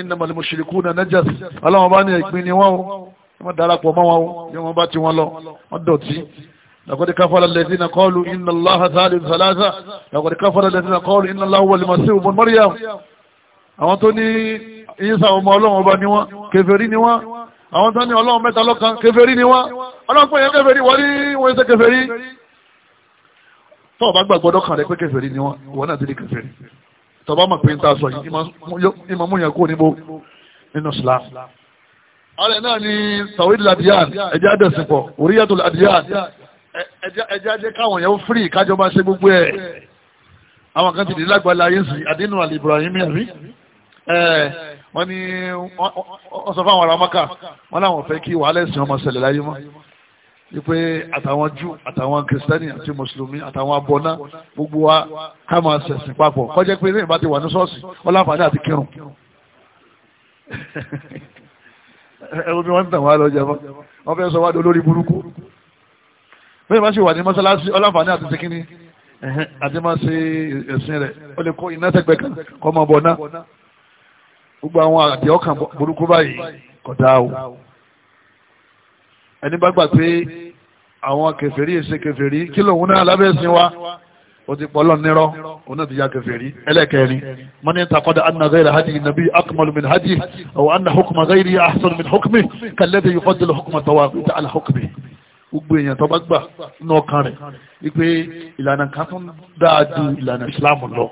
iná mọ̀lẹ́mọ̀ ṣìrìkú na najas ọlọ́run bá ní ìpín ni wọ́n wọ́n darapọ̀ mọ́ wọn yóò wọ́n bá ti wọn lọ wọ́n dọ̀tí lakọ̀dé káfàrà lẹ́rìnà kọlu iná sáàlẹ̀tò sàlátà lakọ̀dé káfàrà lẹ́rìnà kọlu iná láwọ̀ lẹ́mọ̀síwò mọ́ mọ́ríyàm àwọn tó ní ìyínsà ọmọ ọlọ́run ọba ni wọ́n kèfèrí ni wọ́n àwọn tán ní ọlọ́run mẹ́ta lọ́kan kèfèrí ni wọ́n ọlọ́run pé yẹn kèfèrí wọ́n ní wọ́n ṣe kèfèrí tọ́ọ̀ bá gbàgbọ́ dọ́kàn rẹ pé kèfèrí ni wọ́n ìwọ náà ti di kèfèrí tọ́ọ̀ bá mọ̀ pé ń ta sọ yìí ìmọ̀ mú yẹn níbo nínú Islam. ọ̀rẹ́ náà ni tawhid ladiyan ẹ̀jẹ̀ àdẹ̀sìnpọ̀ oríyàtò ladiyan ẹ̀jẹ̀ àdẹ̀ káwọn yẹn ó fírì kájọba ṣe gbogbo ẹ̀ àwọn kan ti dì lágbàlá yín sí àdínú àlè wọ́n ní wọ́n sọ fáwọn ará maka wọ́n láwọn fẹ́ kí wàhálà ẹ̀sìn ọmọ ṣẹlẹ̀ láyé mọ́ wípé àtàwọn jù àtàwọn kìrìsìtẹ́nì àti mùsùlùmí àtàwọn abọ́ná gbogbo wa ká máa ṣẹ̀sìn papọ̀ kọjá pé lẹ́yìn bá ti wà ní ṣọ́ọ̀ṣì wọ́n láǹfààní àti kírun (laughs) ẹ̀rù bí wọ́n ń tàn wá lọ jẹba wọ́n fẹ́ sọ wá di olórí burúkú bẹ́ẹ̀ bá ṣe wà ní mọ́sálásí ọlọ́ǹfààní àti sikini àti máa ṣe ẹ̀sìn rẹ̀ ó lè kó iná tẹ́gbẹ̀ẹ́ kan kọ́ máa bọ̀ náà gbogbo àwọn àti ọkàn burúkú báyìí kọ̀dá o ẹni bá gbà pé àwọn kèfèrí èsè kèfèrí kí lòun náà lábẹ́sìn wa ó ti pọ̀ lọ́nirọ́ òun náà ti ya kèfèrí ẹlẹ́kẹ̀rin mọ́ ní takọ́dá anna ghayra hadi nabi akmalu min hadi aw anna hukma ghayri ahsan min hukmi kalladhi yufaddilu hukma tawaqita ala hukmi gbogbo èèyàn tó bá gbà ní ọkàn rẹ̀ wípé ìlànà kan tún dáa ju ìlànà ìsìlámù lọ.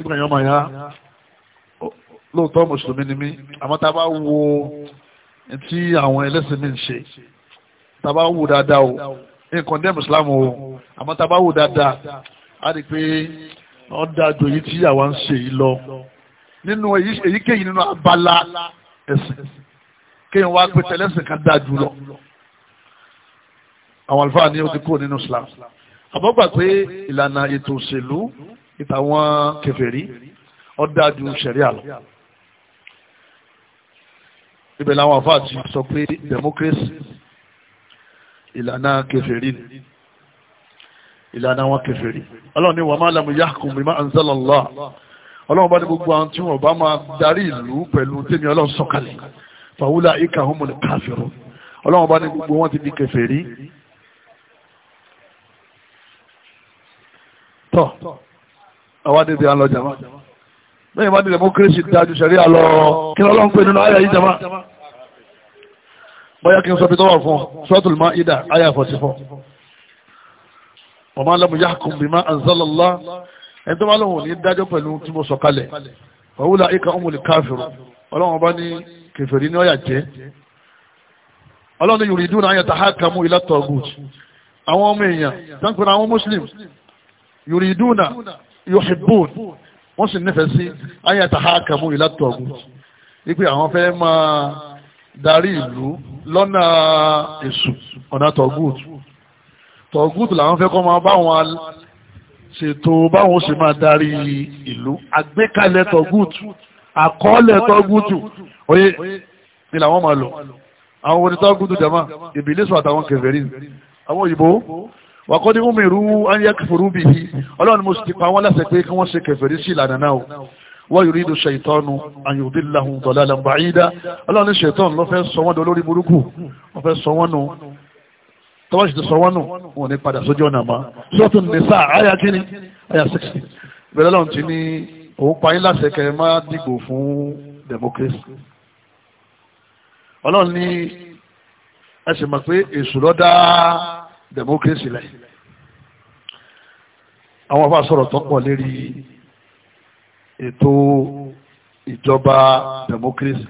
ìgbà yẹn ọmọ ya lóòótọ́ mùsùlùmí ni mí àmọ́ tá a bá wo tí àwọn ẹlẹ́sìn mi ń ṣe tá a bá wò dáadáa o nǹkan dẹ́ mùsùlùmí o àmọ́ tá a bá wò dáadáa a rí i pé wọ́n da àjò tí àwa ń ṣe yìí lọ nínú èyíkéyìí nínú abala ẹ̀sìn kéèyàn wá pé tẹlẹ́sìn kan dáa jù lọ àwọn àlùfáà ni ó ti kúrò nínú Islam àbọ̀gbà pé ìlànà ètò òṣèlú ìtàwọn kèfèrí ó dáa lọ ibẹ̀ làwọn àfáà ti sọ pé democracy ìlànà kèfèrí ni ìlànà wọn kèfèrí ọlọ́run ni wọ́n máa lamu yahkum bima anzala Allah ọlọ́run bá ní gbogbo àwọn tí wọ́n bá máa darí ìlú pẹ̀lú tèmi ọlọ́run sọ̀kalẹ̀ fàwúlà ìka humul kafirun ọlọ́run bá ní gbogbo wọn ti di kèfèrí tọ́ àwa débi à ń lọ jàmá lẹ́yìn bá ní democracy dájú ṣẹ̀rí àlọ́ kí lọ́lọ́ ń pè nínú àyà yìí jama bọ́yá kí n sọ bí tọ́wọ̀ fún Suratul Maida àyà 44 wa ma lam yahkum bima anzala Allah ẹni tó bá lóhùn ní dájọ́ pẹ̀lú tí mo sọ kalẹ̀ wa ulaika humul kafirun ọlọ́run bá ní kèfèrí ní ọ̀yà jẹ́ wọ́n sì nífẹ̀ẹ́ sí ayé àtàhákàmú ìlàtọ̀gùn wípé àwọn fẹ́ máa darí ìlú lọ́nà èṣù ọ̀nà tọ̀gùt tọ̀gùt làwọn fẹ́ kọ́ máa báwọn ṣètò báwọn ṣe máa darí ìlú àgbékalẹ̀ tọ̀gùt àkọọ́lẹ̀ tọ̀gùt oyé ni làwọn máa lò àwọn onítọ̀gùt jama ìbílẹ̀ sọ àtàwọn kèfèrí àwọn òyìnbó wàkọ́ ní umiru anyá kẹfẹ́rú bí i ọlọ́run mo sì ti pa wọ́n láṣẹ pé kí wọ́n ṣe kẹfẹ́rí sí ìlànà náà o wọ́n yìí rídu ṣètọ́nu àyùdíláhùn dọ̀là làǹbàáyídá ọlọ́run ṣètọ́nu ló fẹ́ sọ lórí burúkú ọlọ́run ní ẹ mọ̀ pé èṣù ló dáa democracy lẹ̀ àwọn afá sọ̀rọ̀ tó pọ̀ lérí ètò ìjọba democracy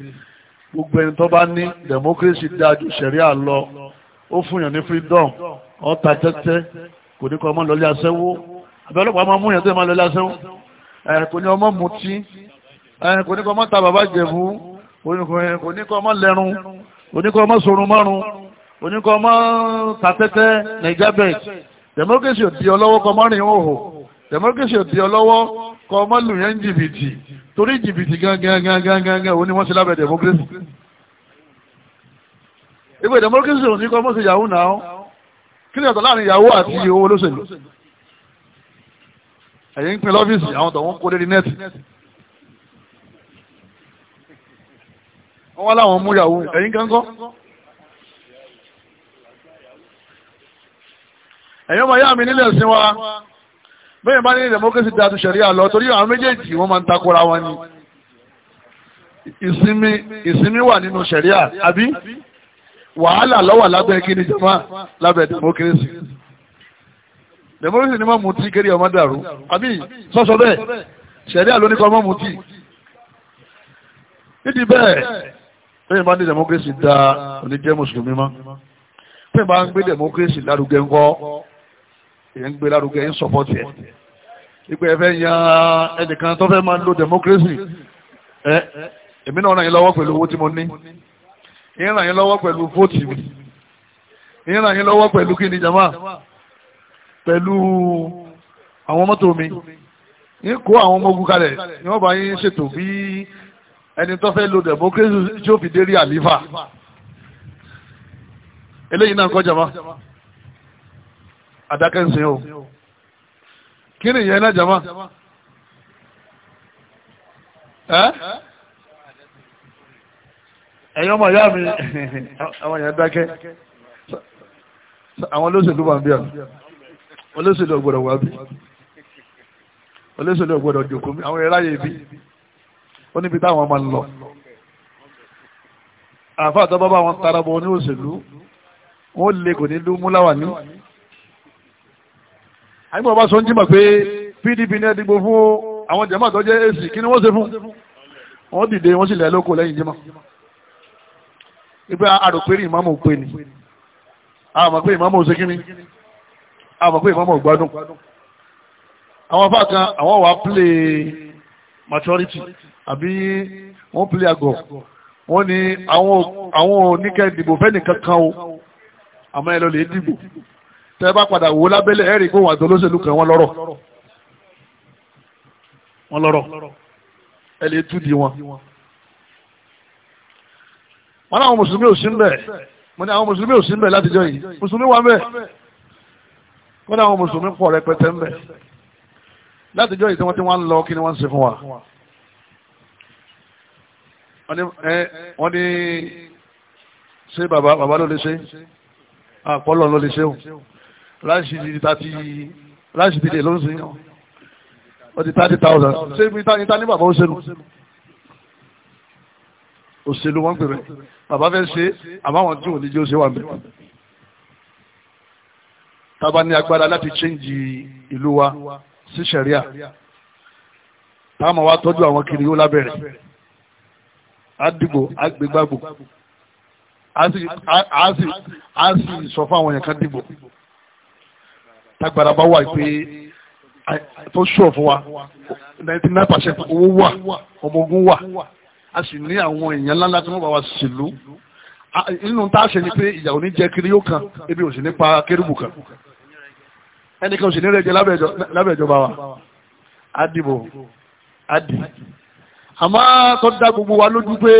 gbogbo ẹni tó bá ní democracy dájú sẹ̀ríà lọ ó fún yàn ní freedom ó ta tẹ́tẹ́ kò ní kọ́ ọmọ lọ́lé aṣẹ́wó àbẹ́ ọlọ́pàá máa mú yàn tó máa lọ́lé aṣẹ́wó kò ní ọmọ mutí kò ní kọ́ ọmọ ta bàbá jẹ̀bú kò ní kọ́ ọmọ lẹ́run kò ní kọ́ ọmọ sorun márùn-ún oníkọ́ ọmọ tàtẹ́tẹ́ nàìjábẹ́t democracy ò di ọlọ́wọ́ kọ́ mọ́rin òhò democracy ò di ọlọ́wọ́ kọ́ ọmọ lùyẹn jìbìtì torí jìbìtì gangan gangan gangan òní wọ́n ṣe lábẹ́ democracy ìgbé democracy ò ní kọ́ mọ́ yahoo náà kí ni ọ̀tọ̀ láàrin yahoo àti owó olóṣèlú ẹ̀yìn ń pin lọ́fíìsì àwọn tọ̀wọ́n kó lórí nẹ́ẹ̀tì wọ́n wá láwọn mú yahoo ẹ̀yìn kankan ẹ̀yọ́ máa yá mi nílẹ̀ sí wa bẹ́ẹ̀ bá ní democracy dáa tún ṣẹ̀ríà lọ torí àwọn méjèèjì wọ́n máa ń takora wọn ni ìsinmi ìsinmi wà nínú ṣẹ̀ríà àbí wàhálà ló lábẹ́ kíni jama lábẹ́ democracy democracy ni máa mú tí kéré ọmọ dàrú àbí sọ́sọ́ bẹ́ẹ̀ ṣẹ̀ríà ló ní kọ́ mọ́ mú tí nídìí bẹ́ẹ̀ bẹ́ẹ̀ bá ní democracy dáa oníjẹ́ mùsùlùmí mọ́ bẹ́ẹ̀ bá ń gbé democracy lárugẹ ńkọ́ èyàn ń gbé lárugẹ ń sọpọ́tì ẹ̀ ipò ẹ̀fẹ́ yan ẹnìkan tó fẹ́ máa lo democracy ẹ èmi náà ràn yín lọ́wọ́ pẹ̀lú owó tí mo ní ìyẹn ràn yín lọ́wọ́ pẹ̀lú vóòtì mi ìyẹn ràn yín lọ́wọ́ pẹ̀lú kí ni jama pẹ̀lú àwọn mọ́tò mi ní kó àwọn ọmọ ogun kalẹ̀ ni wọ́n bá yín ṣètò bí ẹni tó fẹ́ lo democracy tí ó fi dé rí àlífà eléyìí náà kọjá máa àdákẹ́ ń sìn o kí ni ìyẹn náà jama ẹ ẹ̀yin ọmọ ìyá mi àwọn èèyàn dákẹ́ àwọn olóṣèlú wà ń bí ọ olóṣèlú ọgbọ́dọ̀ wà bí olóṣèlú ọgbọ́dọ̀ jòkó mi àwọn ẹ̀ráyè bí ó níbi táwọn ọmọ ń lọ àfáà tó bá bá wọn tara bọ ní òṣèlú wọn lè kò ní lú múláwà ní àyìnbó ọba sọ ń jìmọ̀ pé PDP ní ẹ̀dìgbò fún àwọn jẹ̀mọ́ àtọ́jẹ́ èsì kí ni wọ́n ṣe fún wọ́n dìde wọ́n sì lẹ̀ lóko lẹ́yìn jìmọ̀ ibi àròpérì ìmáàmù pé ni àmọ̀ pé ìmáàmù ṣe kíni àmọ̀ pé ìmáàmù gbádùn àwọn afá kan àwọn wà plé maturity àbí wọ́n plé àgọ̀ wọ́n ní àwọn oníkẹ́ ìdìbò fẹ́nìkan kan o àmọ́ ẹ lọ lè dìbò tẹ́ bá padà wò lábẹ́lẹ̀ ẹ̀rí pé wọn àti olóṣèlú kan wọn lọ́rọ̀ wọn lọ́rọ̀ ẹ lè túdi wọn. wọn láwọn mùsùlùmí ò sí ń bẹ̀ mo ní àwọn mùsùlùmí ò sí ń bẹ̀ látijọ́ yìí mùsùlùmí wà ń bẹ̀ mo ní àwọn mùsùlùmí pọ̀ rẹpẹtẹ ń bẹ̀ látijọ́ yìí tí wọ́n ti wá ń lọ kí ni wọ́n ń ṣe fún wa. wọ́n ní ṣé bàbá bàbá ló lè ṣe àpọ́lọ́ ah, ló lè ṣe òun. Rashidi ti tàti láìsí ti lè ló ń sin thirty thousand ṣé ibi ta níta ní bàbá òṣèlú òṣèlú wọn gbèrè bàbá fẹ́ ṣe àbáwọn tí ò ní jẹ́ òṣèlú wà mí tábà ní agbára láti chẹ́ǹjì ìlú wa sí sẹ̀ríà táwọn wa tọ́jú àwọn kiri ó lábẹ́rẹ̀ àdìgbò àgbègbàgbò a sì sọ fún àwọn yẹn ká dìbò tagbara bá wà pé tó ṣùọ̀ fún wa ninety nine percent owó wà ọmọ ogun wà a sì ní àwọn èèyàn ńláńlá tí wọ́n bá wa sílùú nínú tá a ṣe ni pé ìyàwó ní jẹ kiri yóò kan ebi ò sì ní pa kérúbù kan ẹnìkan ò sì ní rẹ jẹ lábẹ́ wa adìbò adì àmọ́ tó dá gbogbo wa lójú pé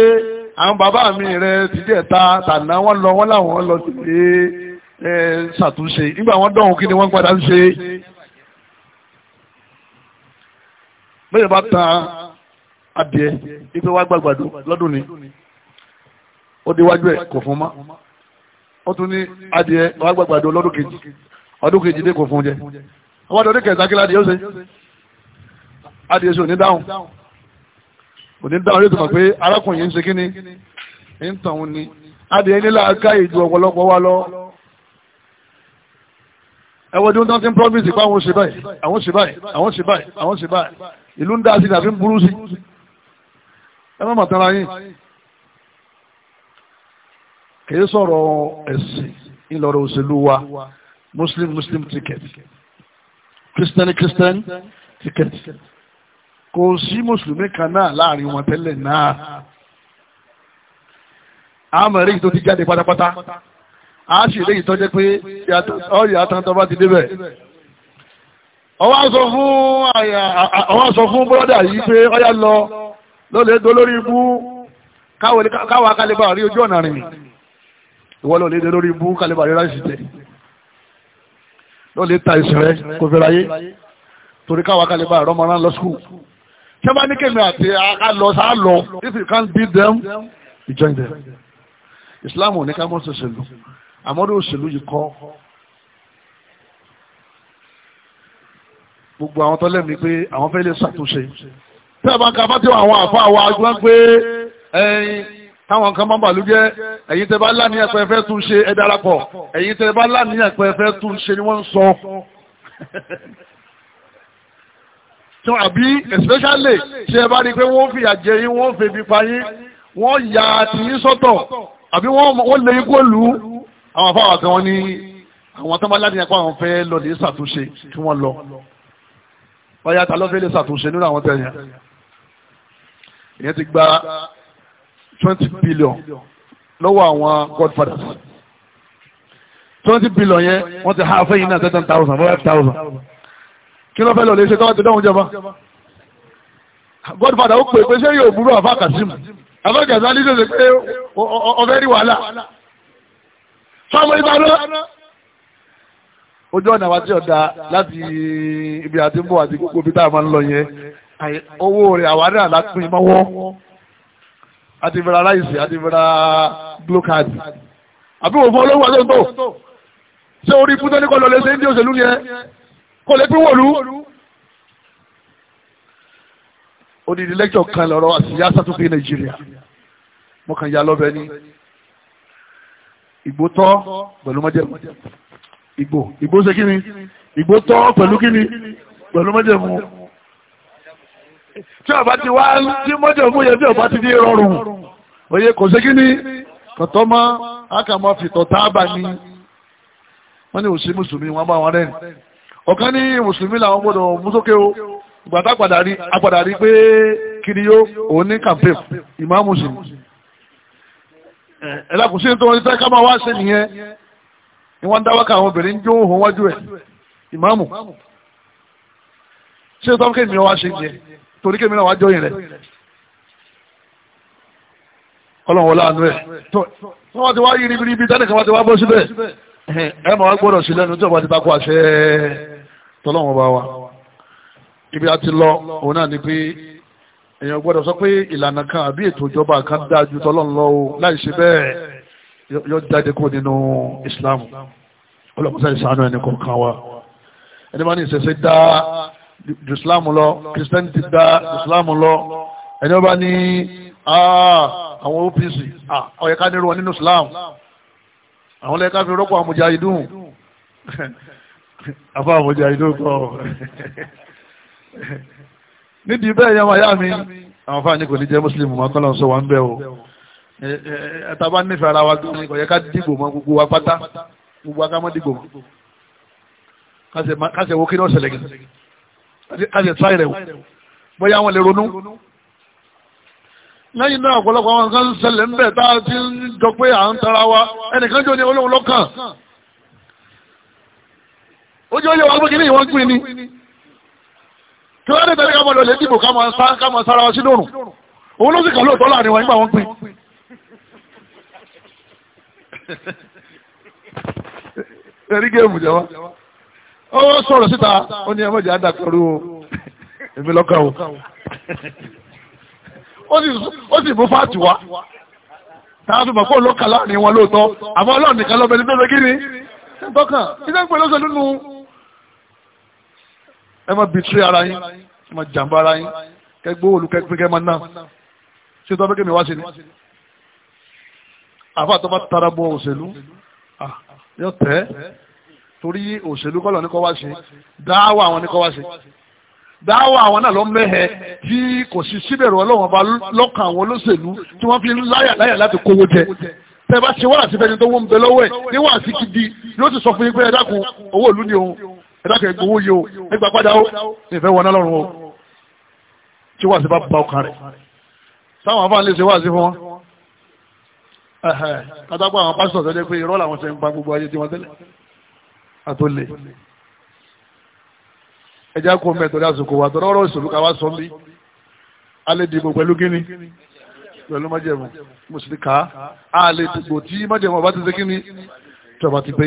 àwọn bàbá mi rẹ ti dẹ̀ ta tàná wọ́n lọ wọ́n láwọn lọ sí pé ṣàtúnṣe nígbà wọ́n dọ̀hún kí ni wọ́n padà ń ṣe bẹ́ẹ̀ bá ta adìẹ ipe wá gbàgbàdo lọ́dún ni ó déwájú ẹ̀ kò fún ma ó tún ní adìẹ wá gbàgbàdo lọ́dún kejì ọdún kejì dé kò fún jẹ ọwọ́ tó ní kẹta kí ládìẹ ó ṣe adìẹ sí òní dáhùn òní dáhùn yóò tó mọ̀ pé arákùnrin yìí ń ṣe kí ni ń tàn òun ni adìẹ nílà ká ìjù ọ̀pọ̀lọpọ̀ wa lọ ẹwọ́ tí wọ́n ti ń promise pé àwọn ṣe báyìí àwọn ṣe báyìí àwọn ṣe báyìí àwọn ṣe báyìí ìlú ń dá sí tàbí ń burú sí ẹ má màtara yín kìí sọ̀rọ̀ ẹ̀sìn ìlọ̀rọ̀ òṣèlú wa muslim muslim ticket christian christian ticket kò sí mùsùlùmí kan náà láàrin wọn tẹ́lẹ̀ náà àmọ́ èrè yìí tó ti jáde pátápátá a sì léyìí tọ́jẹ́ pé ọ̀yà tán tó bá ti débẹ̀. ọwọ́ sọ fún bọ́dà yìí pé ọ̀yà lọ lọ́lẹ̀ dó lórí ibú káwà kálíbà rí ojú ọ̀nà rìn ìwọ lọ́lẹ̀ dé lórí ibú kálíbà rí ráìsì tẹ̀ lọ́lẹ̀ ta ìṣẹ̀rẹ́ kò fẹ́ ráyé torí káwà kálíbà rọmọ náà lọ skul tí wọ́n ní kèmí àti àlọ́ sáà lọ if you can't beat them you join them Islam ò ní ká mọ́ sọ̀sẹ̀ lọ àmọ́dé òṣèlú yìí kọ́ gbogbo àwọn tọ́lẹ̀ mi pé àwọn fẹ́ lè ṣàtúnṣe tẹ́ ẹ̀ bá ń ka fátí àwọn àfa àwa gbọ́n pé ẹ̀yin táwọn kan máa ń bàlú jẹ́ ẹ̀yin tẹ́ bá láníyàn pé ẹ fẹ́ tún ṣe ẹ darapọ̀ ẹ̀yin tẹ́ bá láníyàn pé ẹ fẹ́ tún ṣe ni wọ́n ń sọ tún (laughs) àbí especially ṣe ẹ bá rí i pé wọ́n fìyà jẹ yín wọ́n fèbí pa yín wọ́n yà á tì yín sọ́tọ̀ àbí wọ́n lè ikú òlù àwọn afáwà kan wọ́n ní àwọn tó bá láti pa àwọn fẹ́ lọ lè ṣàtúnṣe kí wọ́n lọ ọyá ta ló fẹ́ lè ṣàtúnṣe nínú àwọn tẹ̀yìn ìyẹn ti gba twenty billion lọ́wọ́ àwọn godfathers twenty billion yẹn wọ́n ti ha fẹ́yìn náà ten thousand five thousand kí ló fẹ́ lọ lè ṣe tọ́wọ́ ti dáhùn jọba godfather ó pè pé ṣé yóò burú àfa kàṣímù àfa alíṣẹ́ ṣe pé ọ̀fẹ́ sọmọ ìbàdàn ojú ọ̀nà àwájú ọ̀dà láti ibi àti mbọ̀ àti gbogbo ibi tá a máa ń lọ yẹn owó rẹ̀ àwa náà lápín mọ́wọ́ àti ìfira ráìsì àti ìfira glocard àbí òfin olówó àti òǹtò ṣé orí fúnṣẹ́ ní kọ́ lọ lè ṣe ń dí òṣèlú yẹn kò lè pín wòlú. odidi lẹ́kítọ̀ kan lọ́rọ̀ àti yá sátúpé Nàìjíríà mo kàn yá lọ́bẹ̀ ni ìgbó tọ́ pẹ̀lú májẹ̀mú ìgbó ìgbó ṣe kíni ìgbó tọ́ pẹ̀lú kíni pẹ̀lú májẹ̀mú tí ọba ti wá tí májẹ̀mú yẹ tí ọba ti di rọrùn òye kò ṣe kíni kọ̀tọ́ mọ́ akàmọ́ fìtọ̀ táàbà ni wọ́n ní òsì mùsùlùmí wọn bá wọn rẹ́rìn ọ̀kan ní mùsùlùmí làwọn gbọ́dọ̀ músókè o ìgbà tá àpàdà rí pé kiri yóò òun ní kàmpé ìmáàmù mùsùlùmí ẹ̀dá kò sí nítorí tẹ́ ká máa wá ṣe nìyẹn ni wọ́n ń dá wákà àwọn obìnrin ń jó òhun wájú ẹ̀ ìmáàmù ṣé tọ́ kéèmí wá ṣe nìyẹn torí kéèmí náà wá jọyìn rẹ̀ ọlọ́run wọlé àánú ẹ̀ tó wọ́n ti wá yí ríbi ríbi tẹ́lẹ̀ kan wá ti wá bọ́ síbẹ̀ ẹ máa gbọ́dọ̀ sí lẹ́nu tí ọba ti takò àṣẹ tọ́lọ́run ọba wa ibi a ti lọ òun náà ni pé èèyàn gbọ́dọ̀ sọ pé ìlànà kan àbí ètò ìjọba kan dáa ju tọ́lọ́n lọ o láì ṣe bẹ́ẹ̀ yóò jáde kó nínú Islam ọlọ́mọsá ìsànú ẹni kọ̀ọ̀kan wa ẹni bá ní ìṣẹ̀ṣẹ̀ dá ju Islam lọ Christian ti dá Islam lọ ẹni bá ní àwọn OPC ah, ó yẹ ká nírú wọn nínú Islam àwọn lẹ́ka fi rọ́pò àmújá idún afọ àmújá idún kọ́ (laughs) nídìí bẹ́ẹ̀ yẹn máa yá mi àwọn fáwọn ní kò ní jẹ́ mùsùlùmí máa kọ́ lọ́n sọ wà ń bẹ́ o ẹ̀tàbá nífẹ̀ẹ́ ara wa gan kò yẹ ká dìbò mọ́ gbogbo wa pátá gbogbo wa ká mọ́ dìbò mọ́ wo kí ní ọ̀sẹ̀lẹ̀ gan kásẹ̀ tíráì rẹ̀ wò bóyá wọn lè ronú lẹ́yìn náà ọ̀pọ̀lọpọ̀ àwọn kan ṣẹlẹ̀ ń bẹ̀ tá a ti ń jọ pé à ń tara wa ẹnìkan jọ ní olóhùn lọ́kàn ó jẹ́ wa gbé kí kí wọ́n lè tẹ̀lé ká mọ̀ lọ lè dìbò ká mọ̀ sára wa sínú òrùn òun ló sì kà lóòótọ́ láàrin wọn nígbà wọn pin (laughs) ẹ̀rí géèmù jẹ́wọ́ ó sọ̀rọ̀ síta ó ní ẹmọ́jà á dàpẹ̀rú èmi lọ́kàn o ó sì mú fáàtì wá tààtù mọ̀ kó ló láàrin wọn lóòótọ́ àmọ́ ọlọ́ọ̀nìkan lọ́bẹ̀ẹ́ni tó ṣe kí ni tọ́kàn ẹ má bìtírì ara yín ẹ má jàǹbá ara yín kẹgbó olùkẹ́gbẹ́kẹ́ máa ná ṣé tó abẹ́kẹ́ mi wá sí ni àfa tó bá tara bọ òṣèlú yóò tẹ́ torí òṣèlú kọ́ lọ ní kọ́ wá ṣe dáwọ́ àwọn ní kọ́ wá ṣe dáwọ́ àwọn náà lọ mẹ́hẹ̀ tí kò sí síbẹ̀rù ọlọ́wọ́n bá lọ́kàn àwọn olóṣèlú tí wọ́n fi láyà láyà láti kówó jẹ tẹ́ bá ṣe wá àti fẹ́ni tó wọ́n ń bẹ lọ́wọ́ ẹ̀ níwọ̀n àti gidi yóò ti sọ fún yín pé ẹ dákun owó ìlú ni òun ẹ̀dákẹ́ gbowó yìí o ẹgbà padà o ìfẹ́ wọn lọ́rùn o tí wàá sí bá ba ọkàn rẹ̀ sáwọn afáà lè ṣe wàá sí fún wọn kátàkó àwọn pásítọ̀ tó dé pé irọ́ làwọn ṣe ń pa gbogbo ayé tí wọ́n tẹ́lẹ̀ àtòlè ẹjá kó mẹ́tọ̀ lásìkò wà tọ́rọ ọ̀rọ̀ ìṣòro ká wá sọ bí a lè dìbò pẹ̀lú kíni pẹ̀lú májẹ̀mú mo sì dìbò tí májẹ̀mú ọba ti ṣe kíni tí ti pé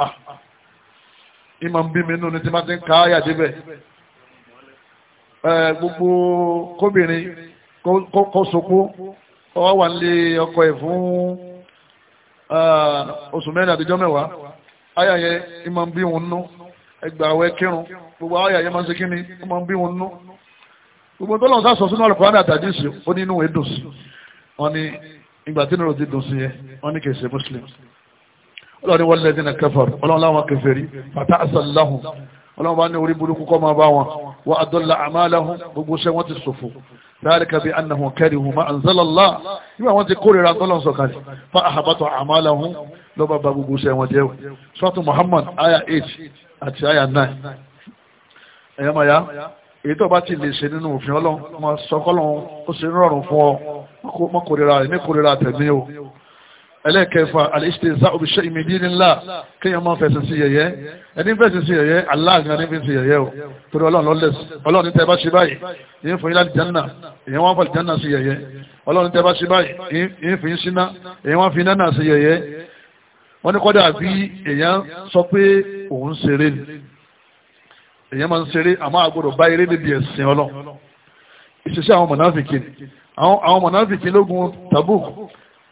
Ah. ìmọ̀ ń bí mi nù ní tí máa ti ń ká àyà débẹ̀ eh, gbogbo kóbìnrin kó sopó ọwọ́ wà nílé ọkọ ẹ̀ fún eh, oṣù mẹ́rin àtijọ́ mẹ́wàá àyà yẹn ìmọ̀ ń bí wọn nú ẹgbàáwẹ́ kírun gbogbo àyà yẹn máa ń ṣe kíni ìmọ̀ ń bí wọn nú gbogbo tó lọ́n sá sọ sínú àlùkòrán àtàdé sí ó ní inú ìdùn sí wọn ni ìgbà tí nìrò ti dùn sí yẹn wọn ni kì í ṣe muslim ọlọ́ni wọ́n lẹ́dí na kẹfàr ọlọ́run láwọn kẹfẹ́rí fata asàláhùn ọlọ́run bá ní orí burúkú kọ́ máa bá wọn wọ́n adọ́lá àmàláhùn gbogbo ṣẹ́ wọ́n ti sòfò dáríkà bí anahun kẹrìhùn ma anzalala nígbà wọ́n ti kórìíra tọ́lọ́n sọ̀kalẹ̀ fa àhàbàtọ̀ àmàláhùn ló bá ba gbogbo ṣẹ́ wọn jẹ́ sọ́tún muhammad aya 8 àti aya 9 ẹ̀yọ́ maya èyí tó bá ti lè ṣe nínú òfin ọlọ́run ma sọ́kọ́lọ́run ó ṣe rọrùn fún ọ mọ́kórìíra tẹ̀mí o ẹlẹ́kẹfà àlẹ́ṣẹ́ òbíṣẹ́ ìmìdírí ńlá kéèyàn máa fẹ̀sẹ̀ sí yẹ̀yẹ́ ẹni fẹ̀sẹ̀ sí yẹ̀yẹ́ aláàgbà ní fi sí yẹ̀yẹ́ o torí ọlọ́run lọ́lẹ̀ ọlọ́run ní tẹ́bá ṣe báyìí yìí fún ilá jẹ́nà èyàn wọ́n fọ̀lì jẹ́nà sí yẹ̀yẹ́ ọlọ́run tẹ́bá ṣe báyìí yìí fún síná èyàn wọ́n fi náà sí yẹ̀yẹ́ wọ́n ní kọ́dà bí èyàn sọ pé òun àwọn mọ̀náfìkì àwọn mọ̀náfìkì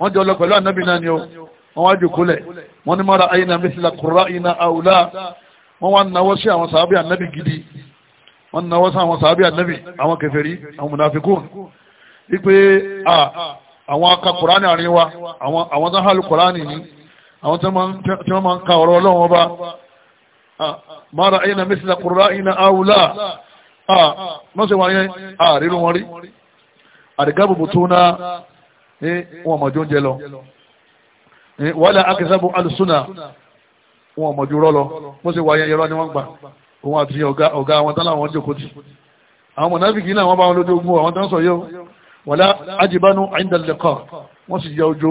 wọ́n jọ lọ pẹ̀lú ànábì náà ni ó wọ́n wá jù kúlẹ̀ wọ́n ní mọ́ra ayé náà mísìlá kúrọ́ iná àwùlá wọ́n wá náwó sí àwọn sàábì ànábì gidi wọ́n náwó sí àwọn sàábì ànábì àwọn kèfèrí àwọn mùnàfikún wípé àwọn aka kùránì àárín wa àwọn tó hàlù ni àwọn tí wọ́n máa ń ka ọ̀rọ̀ ọlọ́run ọba mọ́ra ayé náà mísìlá kúrọ́ iná àwùlá mọ́sẹ̀ wáyé àrírun wọn rí àdìgábùbù tó náà ní wọn mọ̀jú oúnjẹ lọ wàhálà akẹsàbò alùsùnà wọn mọ̀jú rọ́ lọ wọ́n sì wáyé ẹ̀rọ ni wọ́n gbà òun àti ọ̀gá àwọn tán láwọn jókòó tì àwọn mọ̀nàfíkì náà wọ́n bá wọn lójú ogun àwọn tán sọ yóò wàhálà ajibanu àyíndàlẹ́kọ̀ wọ́n sì yá ojú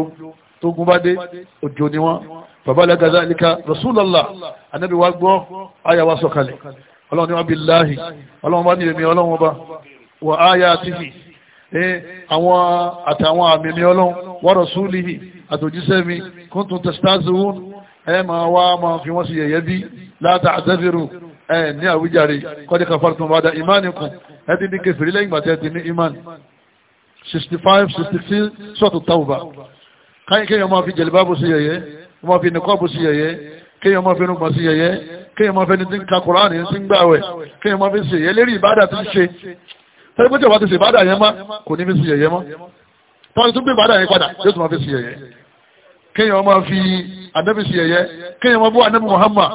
tó gún bá dé òjò ni wọ́n bàbá lẹ́gàdá àlíká Rasulullah anábì wa gbọ́ àyà wa sọ̀kalẹ̀ ọlọ́run ni wọ́n bí láàhì ọlọ́run bá ní èmi ọlọ́run bá wà áyà tìhì àwọn àtàwọn àmì mi ọlọ́run wọ́rọ̀ súlìhì àtòjíṣẹ́ mi kún tún testaziwún ẹ ma wá ma fi wọ́n sí yẹ̀yẹ́ bí látà àtẹ́fẹ́rù ẹ ní àwíjàre kọ́dí kafartum bada ìmánìkùn ẹ ti ní kẹfìrí lẹ́yìn gbàtẹ́ ti ní ìmán 65 66 sọ́tù tàwùbà kéèyàn máa fi jẹ̀lìbábù sí yẹ̀yẹ́ máa fi nìkọ́bù sí yẹ̀yẹ́ kéèyàn máa fi nùgbọ̀n sí yẹ̀yẹ́ kéèyàn máa fi ní ti ń ka Kùránì ti ń gbàwẹ̀ kéèyàn máa fi sí yẹ̀yẹ́ lérí ìbádà ti ń ṣe sẹ́yìn pé tí ọba ti ṣe ìbádà yẹn mọ́ kò ní fi ṣe yẹ̀yẹ́ mọ́ tọ́ni tún gbé ìbádà yẹn padà yóò tún máa fi ṣe yẹ̀yẹ́ kéèyàn máa fi ànábì ṣe yẹ̀yẹ́ kéèyàn máa bú ànábì Muhammad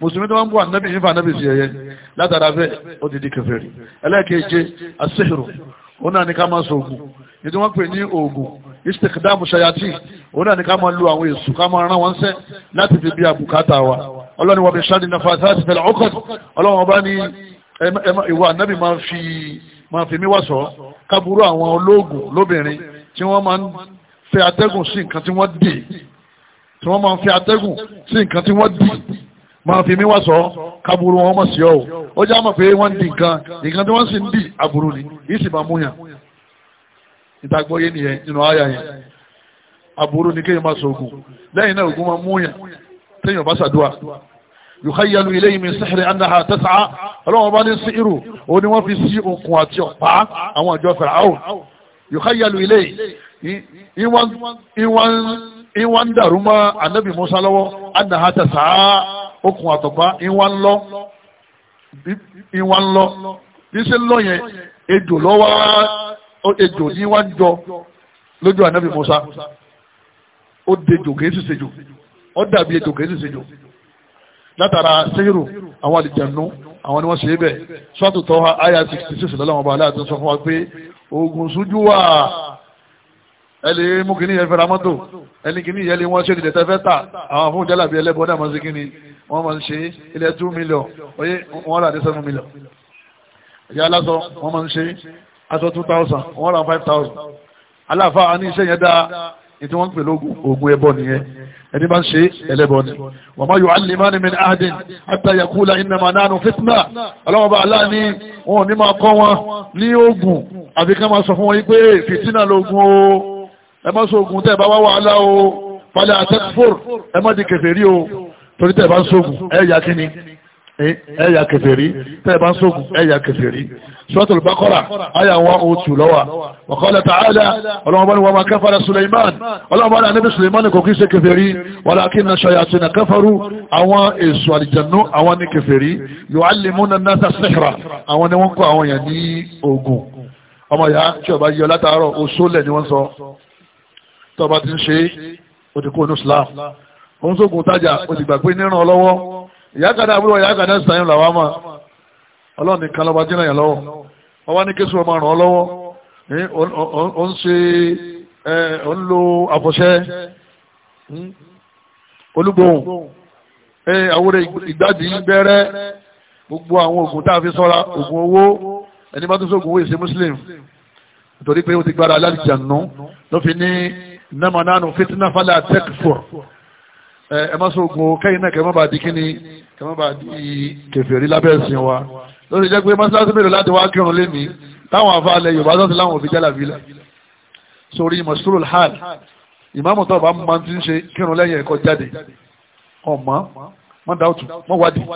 mùsùlùmí tó máa ń bú ànábì yìí fa ànábì ṣe yẹ̀yẹ́ látara bẹ́ẹ̀ ó ti di kèfèrí ẹlẹ́ẹ̀keje asehru ó náà ní ká máa sọ ògùn ní tí wọ́n pè ní ògùn istikdamu shayati ó náà ní ká máa lu àwọn èṣù ká máa rán wọn sẹ́ láti fi bí àbùkátà wa ọlọ́ni wọ́n fi ṣáàdì náà fa fẹ́lẹ̀ ọkọ̀ ọlọ́wọ́n bá ní ìwà ànábì máa fi máa fi mí wá sọ kábúrú àwọn olóògùn lóbìnrin tí wọ́n máa ń fẹ́ atẹ́gùn sí nǹkan tí wọ́n dì tí wọ́n máa ń fẹ́ atẹ́gùn sí nǹkan tí wọ́n dì máa fi mí wá sọ kábúrú wọn mọ̀ sí ọ́ ó já mọ̀ pé wọ́n ń di nǹkan nǹkan tí wọ́n sì ń dì àbúrú ni yìí sì máa mú yàn ìtagbọ́yé nìyẹn nínú àyà yẹn àbúrú ni kéèyàn máa sọ ògùn lẹ́yìn náà ògùn máa mú yàn téèyàn bá ṣàdúrà yùkáyẹlu ilé yìí mi sẹ́hẹ̀rẹ̀ anáhà tẹ́sà ọlọ́wọ́n bá ní sí irú o ni wọ́n fi sí okùn àti ọ̀pá àwọn àjọ fẹ̀rẹ̀ áwò yùkáyẹlu ilé ìwọ̀n dàrú mọ́ anábì musa lọ́wọ́ anáhà tẹ́sà okùn àtọ̀pá ìwọ̀n lọ ìwọ̀n lọ bí yẹn ejò lọ́wọ́ ejò ní wọ́n jọ lójú anábì musa ó dejò kìí sì ó dàbí ejò kìí sì látara sẹ́yìrù àwọn àlìjànú àwọn ni wọ́n ṣe é bẹ̀ sọ́tòtọ́ àyà 66 lọ́lọ́wọ́n bá aláàtún sọ fún wa pé oògùn sójú wà ẹlẹ́ mú kìíní yẹn fẹ́ra mọ́tò ẹni kìíní yẹn lè wọ́n ṣe ìdẹ̀ tẹ́fẹ́ tà àwọn fún jálàbí ẹlẹ́bọ náà máa ń ṣe kíni wọ́n máa ń ṣe ilẹ̀ 2 million oyé wọ́n rà dé 7 ẹni bá ń ṣe ẹlẹ́bọ ni wọ́n máa yọ alìmánì min ahadin àtàyàkúlà ìnàmà nánú fitna aláwọ̀bá aláàní wọn ò ní máa kọ́ wọn ní ogun àfi ká máa sọ fún wọn yí pé fitina lógun o ẹ má sógun tẹ́ bá wá wàhálà o falẹ̀ àtẹ́kùfòr ẹ má di kèfèrí o torí tẹ́ bá ń sógun ẹ yà kíni ẹ tẹ́ bá ń sógun ẹ yà kèfèrí suratul baqara aya wa otu oh lọ́wà wa qala ta'ala ọlọ́mọba ni wa ma kafara suleiman ọlọ́mọba ni anabi suleiman kò kí ṣe kèfèrí walakinna shayatina kafaru àwọn èso àlìjànú àwọn ní kèfèrí yu'allimuna an-nasa sihra àwọn ni wọ́n kọ́ àwọn yẹn ní ogun ọmọ ya tí ọba yọ látàárọ̀ oṣoolẹ̀ ni wọ́n sọ tọba ti ń ṣe òdìkú onú islam òun sógun tájà òdìgbàgbé níran ọlọ́wọ́ ìyá kàdá àbúrò ìyá kàdá sàn ọlọ́run nìkan lọ́ba jẹ́ náà lọ́wọ́ wọ́n wá ní kí sùn ọmọ ràn ọ́ lọ́wọ́ ó ń ṣe ó ń lo àfọ̀ṣẹ́ hmm, olúgbòhùn àwòrán ìgbàdí bẹ́rẹ́ gbogbo àwọn oògùn tá a fi sọ́ra oògùn owó ẹni bá tún sóògùn owó ìṣe muslim nítorí pé ó ti gbára alálìjànú ló fi ní námanánú fitna fala tekfor ẹ má sóògùn kẹ́yìn náà kẹ́ má bá di kíni kẹ́ má bá di kèfèrí lábẹ́ ẹ̀sìn wa ló ti jẹ́ pé mọ́sálásí mélòó láti wá kírun lé mi táwọn afá alẹ́ yorùbá sọ́sí láwọn òfin jálà fi lẹ́ sórí mọ̀súrùl hàn ìmáàmù tó bá ń máa ti ń ṣe kírun lẹ́yìn ẹ̀kọ́ jáde ọ̀mọ́ mọ́ dáútù mọ́ wádìí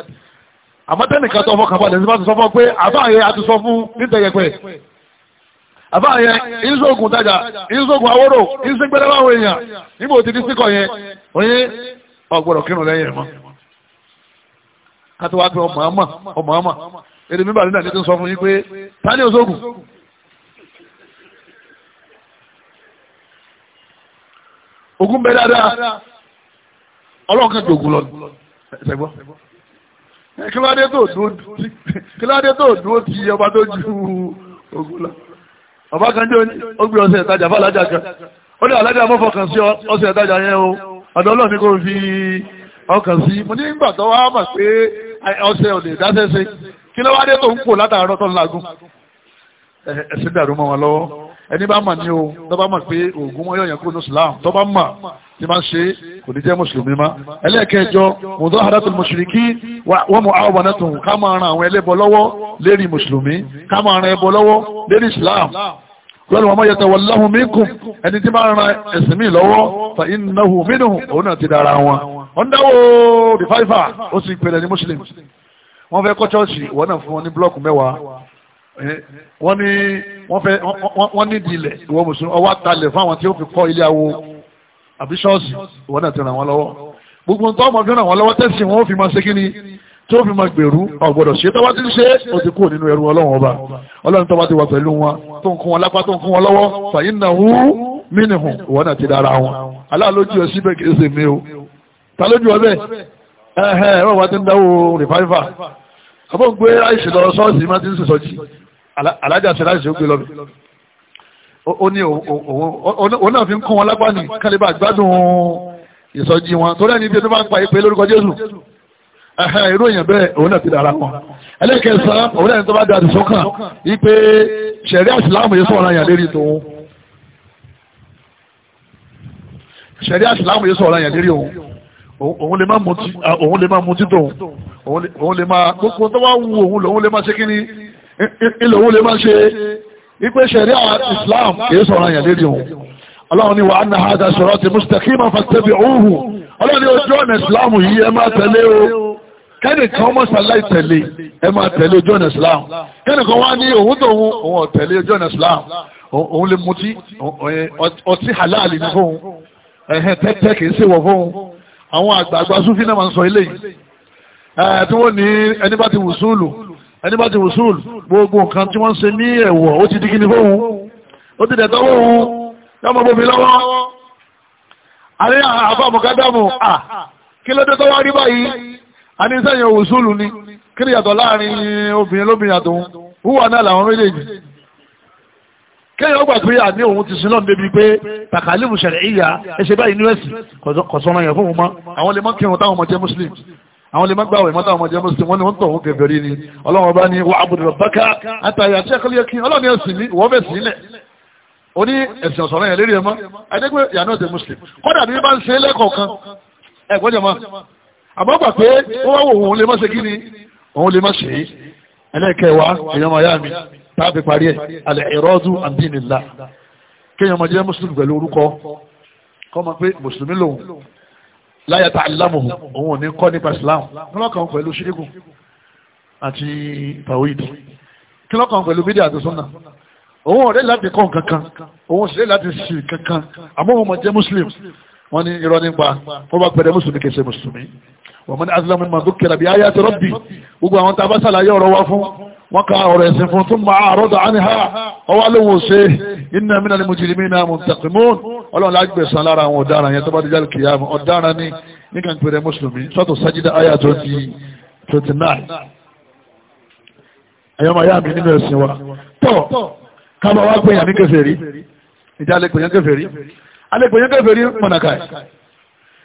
àmọ́ tẹ́nìkan tó fọkàn balẹ̀ sí bá ti sọ fún pé àbáyẹ àti sọ fún nítẹ̀yẹpẹ̀ àbáyẹ ìṣògùn tajà ìṣògùn awóró ìṣègbèrè èdè mímbà nínú àti tó ń sọ fún yín pé ta ni òṣogùn ogun bẹ dáadáa ọlọ́run kan jògùn lọ ṣẹgbọ́ kílódé tó dúró ti ọba tó ju ogun lọ ọba kan jẹ́ ogbé ọ̀sẹ̀ ìtajà fàlájà kan ó ní alájà mọ́fọ̀ kan sí ọ̀sẹ̀ ìtajà yẹn o ọ̀dọ̀ ọlọ́run ni kò fi ọkàn sí mo ní ìgbà tó wá mọ̀ pé ọ̀sẹ̀ ò lè dáṣẹ́ sí kí ló wá dé tó ń kó látàárọ̀ tó ń lagún ẹ̀sìn dàrú mọ́ wọn lọ́wọ́ ẹni bá mà ní o tó bá mà pé oògùn wọn yọ̀yàn kúrò ní islam tó bá mà tí máa ń ṣe kò ní jẹ́ mùsùlùmí má ẹlẹ́ẹ̀kẹjọ mùdó àdàtò mùṣìríkì wọ́n mú àwọn ọ̀nà tó ká máa ran àwọn ẹlẹ́bọ lọ́wọ́ lérí mùsùlùmí ká máa ran ẹbọ lọ́wọ́ lérí islam lọ́nà wọn yẹtọ̀ wọ lọ́hùn minkum ẹni tí máa ran ẹ̀sìn mi lọ́wọ́ fa innahu minhum òun náà ti dára wọn. wọ́n dáwọ́ rìfáìfà ó sì pèrè ní mùsùlùmí wọ́n fẹ́ kọ́ chọ́ọ̀ṣì ìwọ náà fún wọn ní blọ́ọ̀kù mẹ́wàá eh, wọ́n ní wọ́n fẹ́ wọ́n ní ìdílẹ̀ ìwọ mùsùlùmí ọwọ́ àtàlẹ̀ fún àwọn tí ó fi kọ́ ilé awo àbí ṣọ́ọ̀ṣì ìwọ náà ti ràn wọ́n lọ́wọ́ gbogbo nǹkan ọmọ fi ràn wọ́n lọ́wọ́ tẹ́sí wọn ó fi máa ṣe kí ni tó fi máa gbèrú ọ̀gbọ̀dọ̀ ṣe tọ́wọ́ ti ṣe ó ti kúrò nínú ẹrù ọlọ́run ọba ọlọ́run ẹ̀hẹ́ ẹ̀rọ wa ti ń dáwó rìfáìfà àbọ̀ gbé àìsè lọ sọ́ọ̀sì má ti ń sèso jì alájà sí láìsè ó gbé lọ́bì ní òun náà fi ń kún wọn lápá ní kálíbà gbádùn ìsọjí wọn torí ẹni bí ẹni bá ń pa ìpè lórúkọ Jésù ẹ̀hẹ́ irú èèyàn bẹ́ẹ̀ òun náà ti dára wọn ẹlẹ́kẹ̀ẹ́sán òun náà tó bá dáadì sọ́kàn wípé ṣẹ̀rí àsìláàmù yìí sọ̀rọ̀ àyàn lérí tòun ṣẹ̀rí àsìláàmù yìí sọ̀rọ̀ àyàn lérí òun òun lè má mutí òun lè má mutí tóun òun lè má gbogbo tó wá wu òun lòun lè má ṣe kíní ilẹ̀ òun lè má ṣe ipe ṣẹ̀ríà Islam kìí sọ̀rọ̀ àyàn lédi òun Allah ni wa anna hadha sirati mustaqiman fattabi'uhu Allah ni ojú ọ̀nà Islam yìí ẹ máa tẹ̀lé o kẹ́nìkan ọmọ sàláì Islam kẹ́nìkan wá ní òun tóun òun ọ̀tẹ̀lé ojú ọ̀nà Islam òun lè mutí ọtí halal ní fóun ẹ̀hẹ́ tẹ́tẹ́ àwọn àgbààgbà súnfí náà máa ń sọ ilé yìí tí wọ́n ní ẹni bá ti wùsùlù ẹni bá ti wùsùlù gbogbo nǹkan tí wọ́n ń ṣe ní ẹ̀wọ̀ ó ti di kíni fóun ó ti dẹ̀ tọ́wọ́ òun yọmọ bòmí lọ́wọ́ àrí àbámu kádámù à kí ló dé tọ́wọ́ rí báyìí a ní sẹ́yìn wùsùlù ni kí ni yàtọ̀ láàrin obìnrin lóbìnrin àtòun hùwà náà làwọn méjèèjì kéèyàn gbà pé àní òun ti sin lọ́nà débi pé tàkàlì mùsàlẹ̀ ìyá ẹsẹ̀ báyìí níwẹ̀sì kọ̀sọ́nà yẹn fún wọn àwọn lè má kírun táwọn ọmọ jẹ́ muslim àwọn lè má gbàwẹ̀ mọ́ táwọn ọmọ jẹ́ muslim wọn ni wọ́n tọ̀ wọ́n kẹfẹ́ rí ni ọlọ́run ọba ni wà ábùdó bákà àtàyà tí ẹ̀kọ́ yẹkí ọlọ́run ẹ̀sìn ní ìwọ́ bẹ̀ sílẹ̀ ó ní ẹ̀sìn ọ̀sọ̀rọ̀ yẹn lérí ẹ̀ mọ́ adégbé yàrá ọ̀sẹ̀ muslim kọ́dà bí bá ń ṣe lẹ́kọ̀ọ̀kan ẹ̀gbọ́n jẹ́ mọ́ àmọ́ gbà pé ó wá wò òun lè má ṣe kí ni òun lè má ṣe ẹlẹ́kẹ̀ẹ́wàá èèyàn máa yá tàbí parí ẹ̀ alẹ́ ìrọ́dù àdínìlá kéèyàn máa jẹ́ mùsùlùmí pẹ̀lú orúkọ kọ́ máa pé mùsùlùmí lòun láyà tá àlámù òun ò ní kọ́ nípa islam kí lọ́kàn pẹ̀lú ṣíríkù àti tawhid kí lọ́kàn pẹ̀lú bídí àti sunna òun ò rẹ́ láti kọ́ nǹkan kan òun sì rẹ́ láti sì kankan àmọ́ òun máa jẹ́ mùsùlùmí wọ́n ní irọ́ nípa wọ́n bá pẹ̀lẹ́ mùsùlùmí kẹsẹ̀ mùsùlùmí wọ́n mọ́ni azlamu ma dúkìrà bí ayé rabbi gbogbo àwọn tàbá sàlàyé ọ̀rọ̀ wa fún wọ́n ka ọ̀rọ̀ ẹ̀sìn fún tún máa àrọ́dọ̀ àníhà ọwá lówó ṣe inna minal mujrimina muntaqimun ọlọ́run lágbèsàn lára àwọn ọ̀daràn yẹn tó bá dijá kìyà ọ̀daràn ní nígbà pẹ̀lẹ́ mùsùlùmí sọ́tò sájídá ayà 29 ẹ̀yọ́mọ̀ ayá mi nínú ẹ̀sìn wa tọ́ alẹ́gbẹ̀yẹ́ kẹfẹ́ rí mọ̀nàkà ẹ̀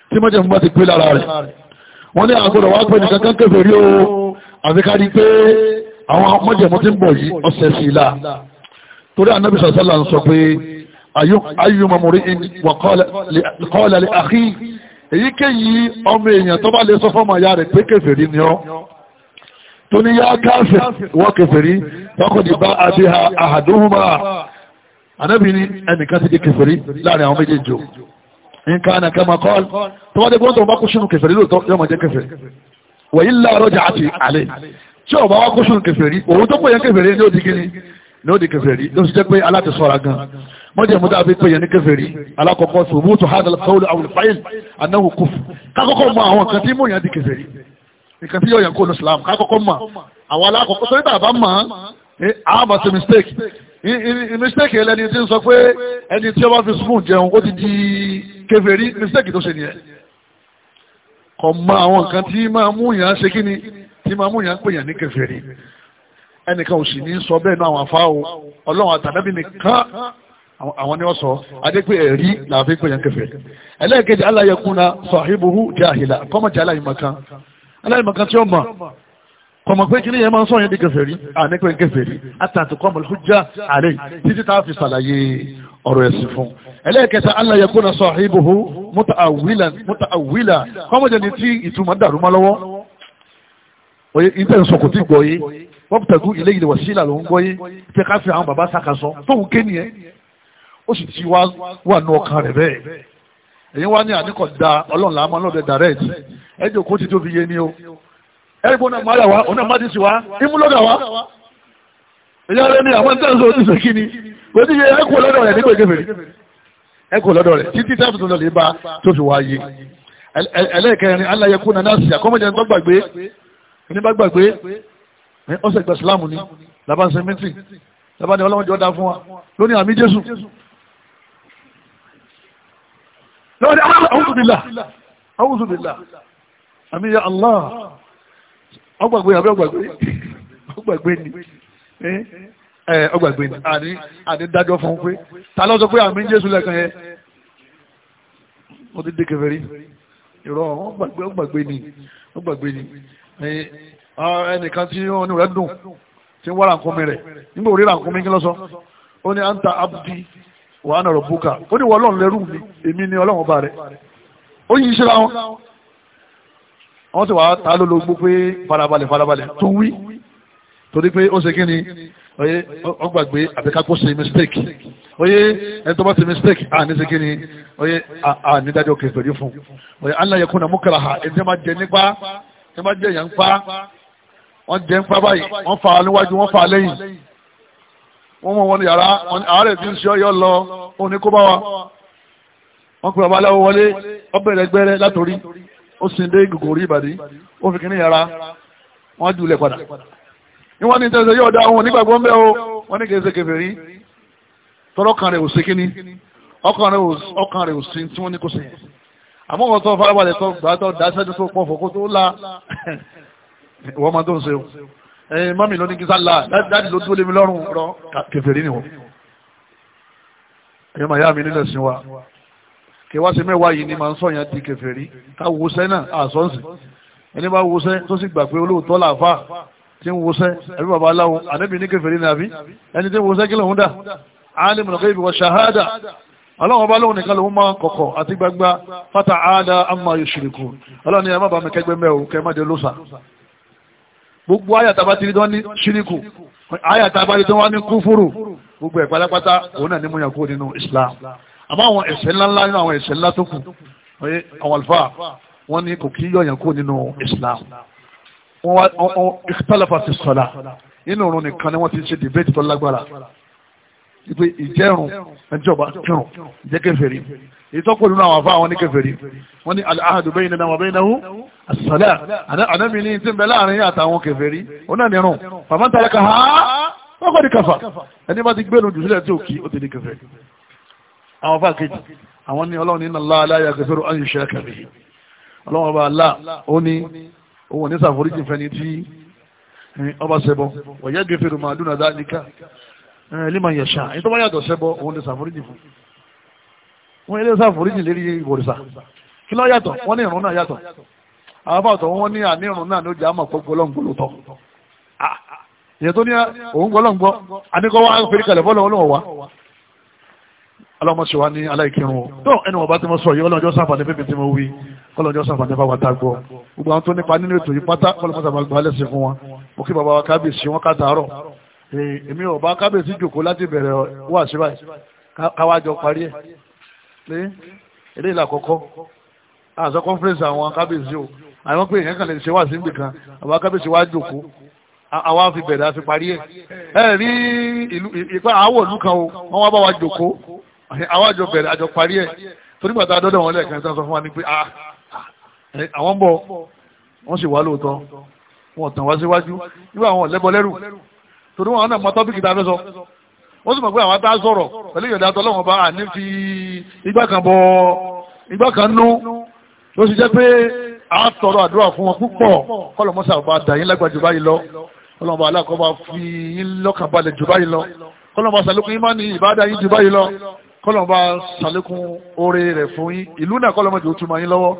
tí mọ́jẹ̀ fún bá ti pé lára rẹ̀ wọ́n ní àgbọ̀dọ̀ wá pé nìkan kan kẹfẹ́ rí o àfi ká rí àwọn mọ́jẹ̀mú ti ń bọ̀ yìí ọ̀sẹ̀ sí i torí ànábì sàṣálà ń sọ pé ayú mamori kọ́ọ̀lẹ̀ lè àkí èyíkéyìí ọmọ èèyàn tó bá lè sọ fọ́mọ ya rẹ̀ pé kẹfẹ́ rí ni ọ́ tó ní yá káfẹ́ wọ́n kẹfẹ́ rí tọkọ̀dì bá àdéhà àhàdóhùnmáà ànábì ní ẹnìkan ti di kèfèrí láàrin àwọn méjèèjì nǹkan ànàkà máa kọ́ tó wá dé gbọ́ntàn bá kó sínú kèfèrí lóòótọ́ yóò máa jẹ́ kèfèrí wọ̀nyí láàárọ̀ jà àti àlẹ́ tí ọba wá kó sínú kèfèrí òun tó pèyàn kèfèrí ní òdì gíní ní òdì kèfèrí ló sì jẹ́ pé aláti sọ́ra gan mọ́jẹ̀ mú dábí pèyàn ní kèfèrí alákọ̀ọ́kọ́ sí òmùtò hadal kawul awul fayil anahu kuf kákọ́kọ́ mọ àwọn mistake ẹlẹ́ni tí ń sọ pé ẹni tí ó bá fi spoon jẹun ó ti di kèfèrí mistake tó ṣe nìyẹn kò mọ àwọn nǹkan tí máa mú yàn ṣe kí ni tí máa mú yàn pè yàn ní kèfèrí ẹnìkan ò sì ní sọ bẹ́ẹ̀ náà àwọn afá o ọlọ́run àtàdábì nìkan àwọn ni wọ́n sọ adépé ẹ̀rí làáfi pè yàn kèfèrí ẹlẹ́ẹ̀kejì aláyẹkúnna sahibuhu jahila kọ́mọ̀jì aláìmọ̀kan aláìmọ̀kan tí ó mọ̀ kọmọ pé kíní yẹn máa ń sọ yẹn di kèfèrí àníkpé kèfèrí àtàtù kọmọ lójá àlè títí tá a fi sàlàyé ọ̀rọ̀ ẹ̀sìn fún ẹlẹ́ẹ̀kẹta alla yakuna sahibuhu muta'awwilan muta'awwila kọmọjẹ ní tí ìtumọ̀ dàrú ma lọ́wọ́ oye ibẹ̀ ń sọ tí gbọ́ yé wọ́n ilé ìlẹ̀ wọ̀sílà ló ń gbọ́ yé tẹ ẹjọ́ kó ti tó fi yé ni o ẹ̀rìkú náà máa yàwá ọ̀nà máa ti sì wá ìmúlọ́dà wá ìyá rẹ̀ ni àwọn tẹ́lẹ̀ sọ́ọ́ ìṣẹ́ kíni kò sí yẹ ẹ̀kú lọ́dọ̀ rẹ̀ nígbà ìgbẹ̀fẹ̀ ẹ̀kú lọ́dọ̀ rẹ̀ títí táàbù tó lọ́lẹ̀ bá tó fi wáyé ẹlẹ́ẹ̀kẹrin aláyẹkú náà náà sì àkọ́mọ́jẹ́ ní gbàgbé ní bá gbàgbé ọ̀sẹ̀ ìgbà sílámù ni làbá ń sẹ́mẹ́ntì làbá ni ọlọ́wọ́n jọ dá fún wa lónìí àmì jésù lọ́wọ́n ni àwọn ọ̀hún ọgbàgbé àbí ọgbàgbé ọgbàgbé ni ọgbàgbé ni àní dájọ́ fún pé ta ló sọ pé àmì jésù lẹ́kan yẹ wọ́n ti dé kèfèrí ìrọ̀ ọgbàgbé ni ọgbàgbé ni ẹnìkan tí wọ́n ní rẹ̀ dùn tí ń wá ràǹkómi rẹ̀ nígbà orí ràǹkómi kí lọ́sọ ó ní anta abdi wàhánà rọ̀ bùkà ó ní wọ́n ọlọ́run lẹ́rù mi èmi ni ọlọ́run ọba rẹ̀ ó yí ìṣẹ́ra wọ́n sì wá ta ló lógbó pé farabalẹ̀ farabalẹ̀ tó wí torí pé ó ṣe kí ni oye ọgbàgbé àbíkápọ̀ ṣe mistake oye ẹni tó mistake à ní ṣe kí ni oye à ní dájọ́ kẹfẹ́rí fún oye aláyẹkùnà múkàrà ha ẹni tí wọ́n jẹ nípa tí wọ́n jẹ yẹn ń pa wọ́n jẹ ń pa báyìí wọ́n fa níwájú wọ́n fa wa wọ́n pè bàbá aláwọ̀ ó sin dé gògùn orí ìbàdí ó fi kíní yàrá wọ́n jùlẹ̀ padà ní wọ́n ní tẹ́sẹ̀ yóò dá ohun nígbàgbọ́ ń bẹ́ o wọ́n ní kèése kèfèrí tọ́rọ kan rẹ̀ ò sí kíní ọkàn rẹ̀ ò sí tí wọ́n ní kò sí yẹn àmọ́ wọn tó farabalẹ̀ tó gbà tó dáṣẹ́jú tó pọ̀ fòkó tó la ìwọ́n máa tó ń ṣe o ẹ̀yìn ló ní kí sálà dáàdì ló dúró lé mi lọ́rùn rọ kèfèrí ni wọ́n ẹ̀yìn màá yá mi nílẹ̀ sí wa kèwáṣe mẹ́wàá yìí ni máa ń sọ̀yàn di kèfèrí ká wusẹ́ náà àsọ́nsì ẹni bá wusẹ́ tó sì gbà pé olóòótọ́ làáfà tí ń wusẹ́ ẹbí bàbá aláwo ànábì ní kèfèrí ní àbí ẹni tí ń wusẹ́ kí lòun dà alimul ghaibi wa shahada ọlọ́run ọba lóhun nìkan lòun máa kọ̀kọ̀ àti gbagba fata àádá amma yushrikun ọlọ́run ni ẹ má bàa mi kẹgbẹ́ mẹ́ o kẹ má de lóṣà àmọ́ àwọn ẹ̀ṣẹ̀ ńláńlá nínú àwọn ẹ̀ṣẹ̀ ńlá tó kù àwọn àlùfáà wọ́n ní kò kí yọ̀yàn kú nínú Islam wọ́n wá ìtàlàfà ti sọ̀la nínú òrùn nìkan ni wọ́n ti ṣe dìbẹ́tì tó lágbára ìpè ìjẹ́rùn ẹjọba kírun ìjẹ́ kèfèrí ìtọ́kùn nínú àwọn afá àwọn ní kèfèrí wọ́n ní al-ahdu baynana wa baynahu as-salah ànábì ní tí ń bẹ àwọn afá kejì àwọn ní ọlọ́run nínú Allah la yaghfiru an yushraka bihi ọlọ́run ọba Allah ó ní òun ní ṣàforíjì fẹ́ni tí ọba ṣẹbọ wa yaghfiru ma duna dhalika liman yasha èyí tó bá yàtọ̀ ṣẹbọ òun ní ṣàforíjì fún wọn ilé ṣàforíjì lérí ìbòrìṣà kí ló yàtọ̀ wọ́n ní ìrún náà yàtọ̀ àwọn afáàtọ̀ wọ́n ní àníìrún náà ló jẹ́ àmọ̀ gbọ́lọ́ngbọ́lọ́ tọ́ ìyẹn tó ní òun gbọ́lọ́ngbọ́ àníkọ́wọ́ á ń ferí kalẹ̀ bọ́lọ́ ọlọ́wọ́ wa aláwọ̀mọ́sí wa ní aláìkírun o tó ẹni wọ̀n bá ti mọ́ sọ yìí ọlọ́jọ́ sáfàdé pépè tí mo wí ọlọ́jọ́ sáfàdé bá wa ta gbọ́ gbogbo àwọn tó nípa nínú ètò yìí pátá ọlọ́mọ́sí àbá gba lẹ́sìn fún wọn mo kí bàbá wa kábíyèsí wọn ká tàárọ̀ èmi ò bá kábíyèsí jòkó láti bẹ̀rẹ̀ wà sí báyìí káwá jọ parí ẹ̀ pé àwọn kábíyèsí bẹ̀rẹ̀ àfi parí ẹ̀ ẹ̀ rí ìpá àwọ̀ òlú kan o wọ́n wá bá wa jòkó àwọn àjọ bẹ̀rẹ̀ àjọ parí ẹ̀ torí bàtà àdọ́dọ̀ wọn lẹ́ẹ̀kan tí wọ́n sọ fún wa ní pé ah, ah, eh, àwọn bọ̀ wọ́n sì wá lóòótọ́ wọn tàn wá síwájú nígbà àwọn ọ̀lẹ́bọ lẹ́rù torí wọn náà mọ tọ́pìkì tá a fẹ́ sọ wọ́n sì mọ̀ pé àwọn bá sọ̀rọ̀ pẹ̀lú ìyọ̀dá tọ́lọ́wọ́n bá ní fi igbá kan bọ igbá kan nú ló sì jẹ́ pé a tọrọ àdúrà fún wọn púpọ̀ kọlọmọsà bá dà yín lágbàjù báyìí lọ kọlọmọ aláàkọ́ bá fi yín lọ́kàn balẹ̀ jù báyìí lọ kọlọmọsà lókun yín má ní ìbádà yín jù báyìí lọ kọ́lọ̀ bá ṣàlékún oore rẹ̀ fún yín ìlú náà kọ́lọ̀ mọ́jọ́ túnmọ̀ yín lọ́wọ́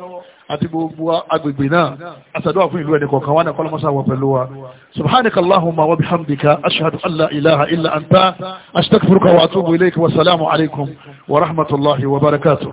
àti gbogbo agbègbè náà àṣàdúrà fún ìlú ẹni kọ̀ọ̀kan wá náà kọ́lọ̀ mọ́sá wọ pẹ̀lú wa subhanaka allahumma wa bihamdika ashhadu an la ilaha illa anta astaghfiruka wa atubu ilayka wa salamu alaykum wa rahmatullahi wa barakatuh